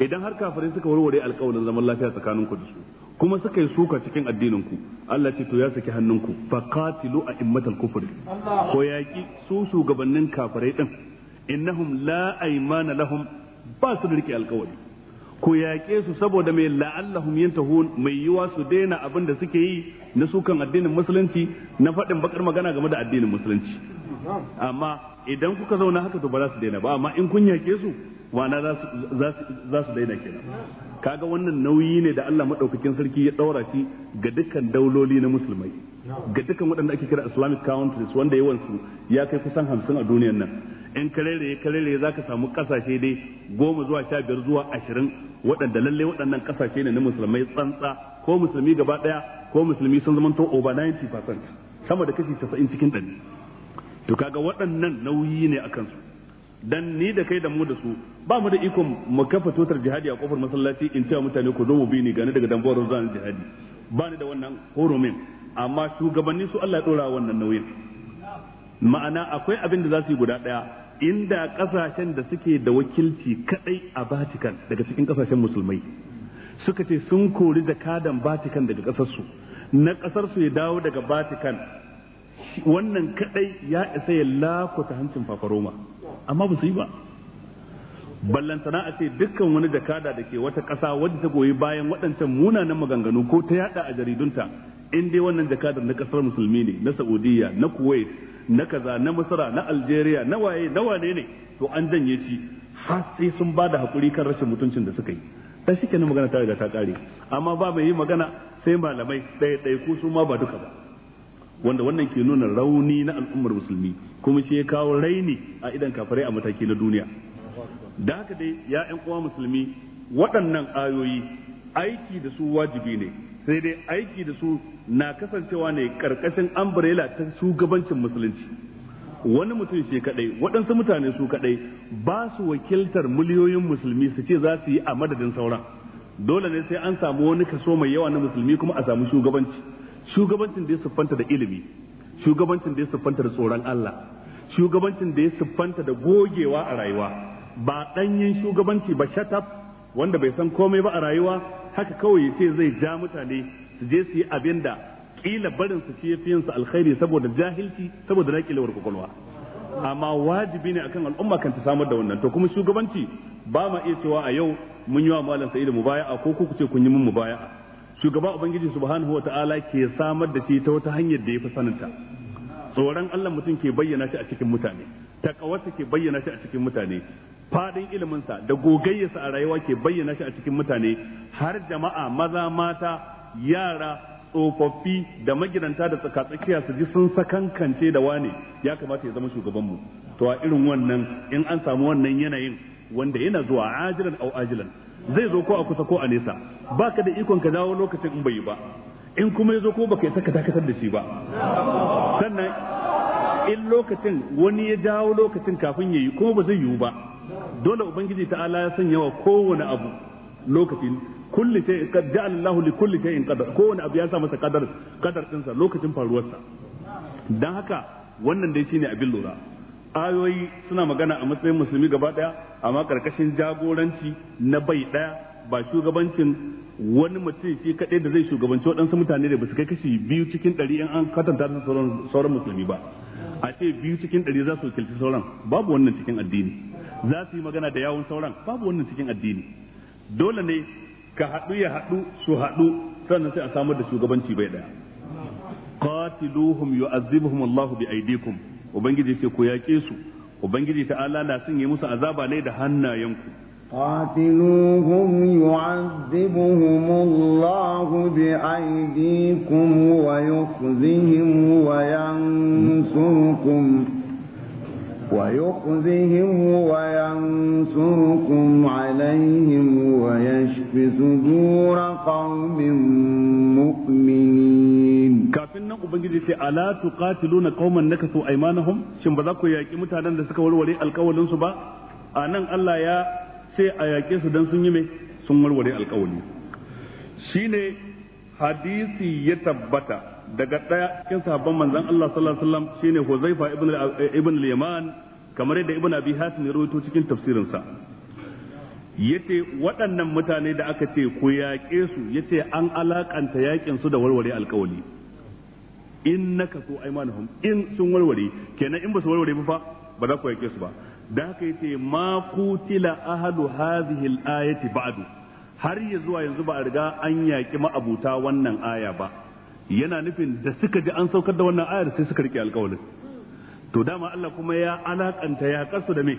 idan har kafirai suka warware alƙawarin zaman lafiya tsakanin ku da su kuma suka yi suka cikin addinin ku Allah ce to ya saki hannunku fa qatilu a immatal kufr ko yaki su shugabannin kafirai din innahum la aymana lahum ba su da rike alƙawari ku yaƙe su saboda mai la'allahum yantahun mai yiwa su daina abin da suke yi na sukan addinin musulunci na faɗin bakar magana game da addinin musulunci amma idan kuka zauna haka to ba za su daina ba amma in kun yaƙe su wana za su daina kenan kaga wannan nauyi ne da Allah madaukakin sarki ya ɗaura shi ga dukkan dauloli na musulmai ga dukkan waɗanda ake kira Islamic countries wanda yawan su ya kai kusan hamsin a duniyar nan in ka rairaye za ka samu kasashe dai goma zuwa sha biyar zuwa ashirin waɗanda lalle waɗannan kasashe ne na musulmai tsantsa ko musulmi gaba ɗaya ko musulmi sun zama to over 90% sama da kashi casain cikin ɗari to kaga waɗannan nauyi ne a kansu dan ni da kai da mu da su ba mu da iko mu kafa totar jihadi a kofar masallaci in cewa mutane ku zo mu bi ni gane daga dambuwar zuwa jihadi ba ni da wannan horomin amma shugabanni su Allah ya ɗora wannan nauyin ma'ana akwai abin da za su yi guda ɗaya inda ƙasashen da suke da wakilci kaɗai a Vatican daga cikin ƙasashen musulmai suka ce sun kori jakadan Batikan daga ƙasarsu na ƙasarsu ya dawo daga Batikan. wannan kaɗai ya isa ya lakuta hancin fafaroma amma ba su yi ba ballantana a ce dukkan wani jakada da ke wata ƙasa wadda ta goyi bayan waɗancan munanan maganganu ko ta yada a jaridunta in dai wannan jakadar na kasar musulmi ne na saudiya na kuwait na kaza na misra na algeria na waye na wane ne to an janye shi har sai sun ba da hakuri kan rashin mutuncin da suka yi dan shi kenan magana ta riga ta kare amma ba mai yi magana sai malamai ɗaya ɗaya ku su ma ba duka ba wanda wannan ke nuna rauni na al'ummar musulmi kuma shi ya kawo raini a idan kafare a mataki na duniya da haka dai ya ƴan uwa musulmi waɗannan ayoyi aiki da su wajibi ne sai dai aiki da su na kasancewa ne karkashin umbrella ta shugabancin musulunci wani mutum shi kadai waɗansu mutane su kadai ba su wakiltar miliyoyin musulmi su ce za su yi a madadin sauran dole ne sai an samu wani kaso mai yawa na musulmi kuma a samu shugabanci shugabancin da ya siffanta da ilimi shugabancin da ya siffanta da tsoron Allah shugabancin da ya siffanta da gogewa a rayuwa ba ɗanyen shugabanci ba shatap wanda bai san komai ba a rayuwa haka kawai ya ce zai ja mutane su je su yi abin da kila barin su ce fiye su alkhairi saboda jahilci saboda na kilawar kwakwalwa amma wajibi ne akan al'umma kan ta samar da wannan to kuma shugabanci ba ma iya cewa a yau mun yi wa malam sa'idu mubaya'a ko ku ce kun yi mun mubaya'a shugaba ubangiji subhanahu wataala ke samar da shi ta wata hanyar da ya fi saninta tsoron Allah mutum ke bayyana shi a cikin mutane takawa ke bayyana shi a cikin mutane fadin iliminsa da gogayyarsa a rayuwa ke bayyana shi a cikin mutane har jama'a maza mata yara tsofaffi da magidanta da tsakatsakiya su ji sun sakankance da wane ya kamata ya zama shugabanmu to a irin wannan in an samu wannan yanayin wanda yana zuwa ajilan au ajilan zai zo ko a kusa ko a nesa baka da ikon ka dawo lokacin in bai ba in kuma ya zo ko baka yi saka dakatar da shi ba sannan in lokacin wani ya jawo lokacin kafin ya yi kuma ba zai yiwu ba dole ubangiji ala ya sanya wa kowane abu lokacin kulli sai in Allahu li kulli shay'in qadar kowane abu ya sa masa qadar qadar dinsa lokacin faruwarsa dan haka wannan dai shine abin lura ayoyi suna magana a matsayin musulmi gaba daya amma karkashin jagoranci na bai daya ba shugabancin wani mutum shi kaɗai da zai shugabanci waɗansu mutane da ba kai kashi biyu cikin ɗari in an katanta da sauran musulmi ba a ce biyu cikin ɗari za su wakilci sauran babu wannan cikin addini za su yi magana da yawon sauran babu wannan cikin addini dole ne ka haɗu ya haɗu su haɗu sannan sai a samar da shugabanci bai ɗaya qatiluhum yu'azzibuhum Allahu bi aydikum ubangiji ce ku yaƙe su ubangiji ta'ala na yi musu azaba ne da hannayenku قاتلوهم يعذبهم الله بأيديكم ويخزهم وينصركم ويخزهم وينصركم عليهم ويشف صدور قوم مؤمنين kafin nan ubangiji sai ala tuqatiluna qauman nakasu aymanahum shin ba za ku yaki mutanen da suka warware alƙawalin su ba anan Allah ya sai a yaƙe su don sun yi mai sun warware alkawali shine hadisi ya tabbata daga ɗaya cikin sahabban manzon Allah sallallahu alaihi wasallam shine Huzaifa ibn ibn al kamar yadda Ibn Abi Hatim ya rawaito cikin tafsirin sa yace waɗannan mutane da aka ce ku yaƙe su yace an alakanta yaƙin su da warware alkawali in so in sun warware kenan in ba su warware ba fa ba za ku yaƙe su ba da haka yace ma kutila ahadu hadhihi al-ayati ba'du har ya zuwa yanzu ba a riga an yaki ma'abuta wannan aya ba yana nufin da suka ji an saukar da wannan ayar sai suka rike alƙawarin to dama Allah kuma ya alakanta ya kasu da me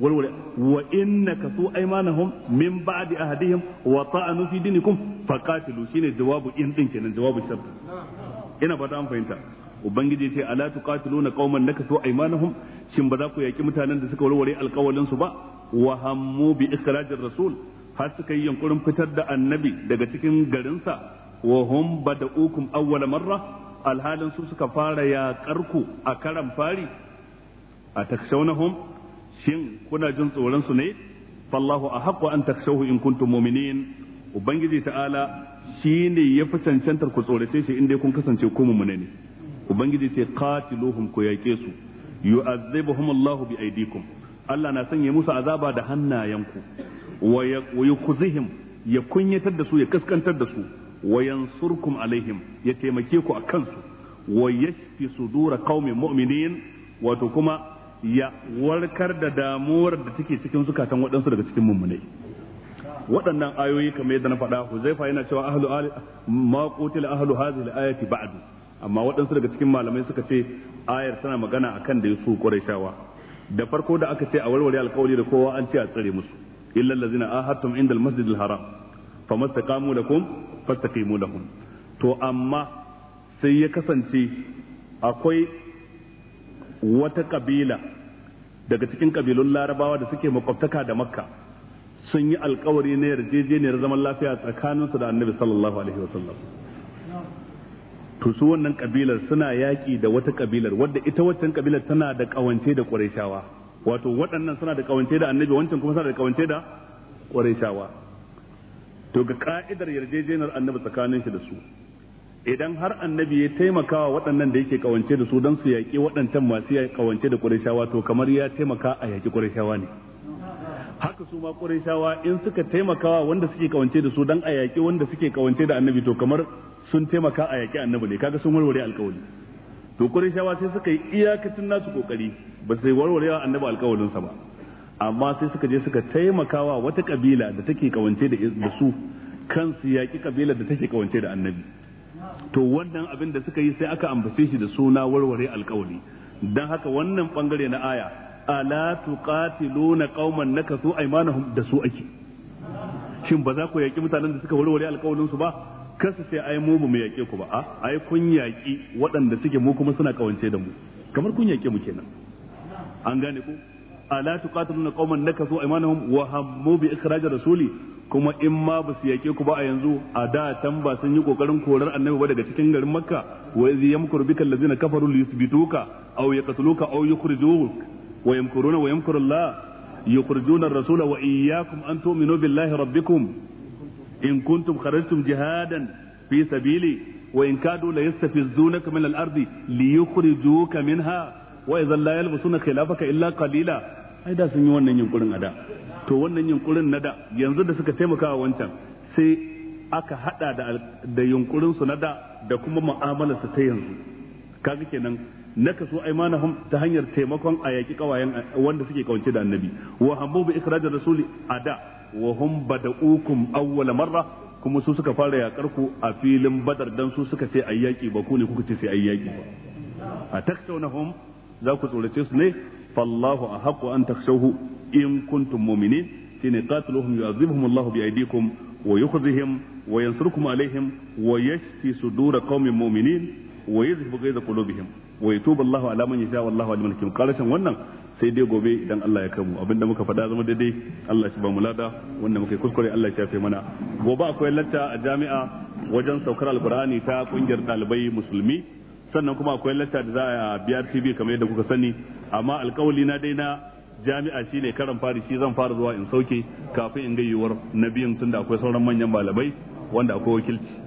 walwala wa inna kasu aymanahum min ba'di ahadihim wa ta'anu fi dinikum faqatilu shine jawabu in din kenan jawabu shart ina fata an fahimta ubangiji ce ala tuqatiluna qauman nakasu aymanahum shin ba za ku yaki mutanen da suka warware alƙawalin su ba wa hammu bi ikhrajir rasul har suka yi yankurin fitar da annabi daga cikin garinsa wa hum bada'ukum awwal marra alhalin su suka fara yaƙar ku a karan fari a takshawnahum shin kuna jin tsoron su ne fallahu ahaqqu an takshawhu in kuntum mu'minin ubangiji ta'ala shine ya fi cancantar ku tsorace shi inda kun kasance ku mu'mini ne ubangiji sai qatiluhum ko yake su yu'azzibuhum Allahu bi aidikum Allah na sanya musu azaba da hannayenku wa yukhzihim ya kunyatar da su ya kaskantar da su wa yansurkum alaihim ya taimake ku akan su wa yashfi sudura qaumin mu'minin wato kuma ya warkar da damuwar da take cikin zukatan waɗansu daga cikin mummunai waɗannan ayoyi kamar yadda na faɗa Huzaifa yana cewa ahlu ma qutil ahlu hadhihi ayati ba'du amma waɗansu daga cikin malamai suka ce ayar tana magana a kan da su qurayshawa da farko da aka ce a warware alkawari da kowa an ce a tsare musu illa allazina ahadtum inda almasjid alharam famastaqamu lakum fastaqimu lahum to amma sai ya kasance akwai wata kabila daga cikin kabilun larabawa da suke makwabtaka da makka sun yi alkawari na yarjejeniyar zaman lafiya tsakaninsu da annabi sallallahu alaihi wasallam to su wannan kabilar suna yaƙi da wata kabilar wadda ita waccan kabilar tana da kawance da ƙwarishawa wato waɗannan suna da kawance da Annabi wancan kuma suna da kawance da ƙwarishawa to ga ka'idar yarjejeniyar Annabi tsakanin shi da su idan har Annabi ya taimakawa waɗannan da yake kawance da su don su yaƙi waɗancan masu kawance da ƙwarishawa to kamar ya taimaka a yaƙi ƙwarishawa ne haka su ma Qurayshawa in suka taimakawa wanda suke kawance da su dan a yaƙi wanda suke kawance da annabi to kamar sun taimaka a yaƙi annabi ne kaga sun warware alƙawari to Qurayshawa sai suka yi iyakacin nasu ƙoƙari ba sai warware wa annabi alƙawarin ba amma sai suka je suka taimakawa wata ƙabila da take kawance da su kansu yaƙi ƙabila da take kawance da annabi to wannan abin da suka yi sai aka ambace shi da suna warware alƙawari dan haka wannan bangare na aya ala tuqatiluna qauman nakasu aymanahum da su ake shin ba za ku yaki mutanen da suka warware alƙawarin su ba kasa sai ai mu ba mu yaƙe ku ba a ai kun yaƙi waɗanda suke mu kuma suna kawance da mu kamar kun yaƙe mu kenan an gane ku ala tuqatiluna qauman nakasu aymanahum wa hammu bi ikhrajir rasuli kuma in ma ba su yake ku ba a yanzu a da tan ba sun yi kokarin korar annabi ba daga cikin garin makka wa iz yamkuru bika allazina kafaru li aw yaqtuluka aw yukhrijuka wa yamkuruna wa yamkuru Allah yukhrijuna ar-rasula wa iyyakum an tu'minu billahi rabbikum in kuntum kharajtum jihadan fi sabili wa in kadu la yastafizunaka min al-ardi liyukhrijuka minha wa idhan la yalbusuna khilafaka illa qalila ai da sun yi wannan yunkurin ada to wannan yunkurin na da yanzu da suka taimakawa wancan sai aka haɗa da yunkurinsu yunkurin na da da kuma mu'amalar ta yanzu kaga kenan na kaso aimanahum ta hanyar taimakon a yaki kawayen wanda suke kawance da annabi wa hammu bi a rasuli ada wa hum bada'ukum awwala marra kuma su suka fara yakar ku a filin badar dan su suka ce ayyaki ba ku ne kuka ce sai ayyaki ba a taktaunahum za ku tsorace su ne fallahu ahqqu an takhshawhu in kuntum mu'minin shine qatiluhum yu'adhibuhum Allahu bi aydikum wa yukhzihim wa yansurukum alaihim wa yashfi sudura qaumin mu'minin wa yadhhibu ghayza qulubihim wa yatubu Allahu ala man yasha wallahu alimul hakim wannan sai dai gobe idan Allah ya kamu abinda muka faɗa zama daidai Allah shi ba mu lada wanda muka yi kuskure Allah ya shafe mana gobe akwai latta a jami'a wajen saukar alkur'ani ta kungiyar ɗalibai musulmi sannan kuma akwai latta da za a biyar tv kamar yadda kuka sani amma alkawali na dai na jami'a shine karan fari shi zan fara zuwa in sauke kafin in ga yiwuwar na biyun tunda akwai sauran manyan malamai wanda akwai wakilci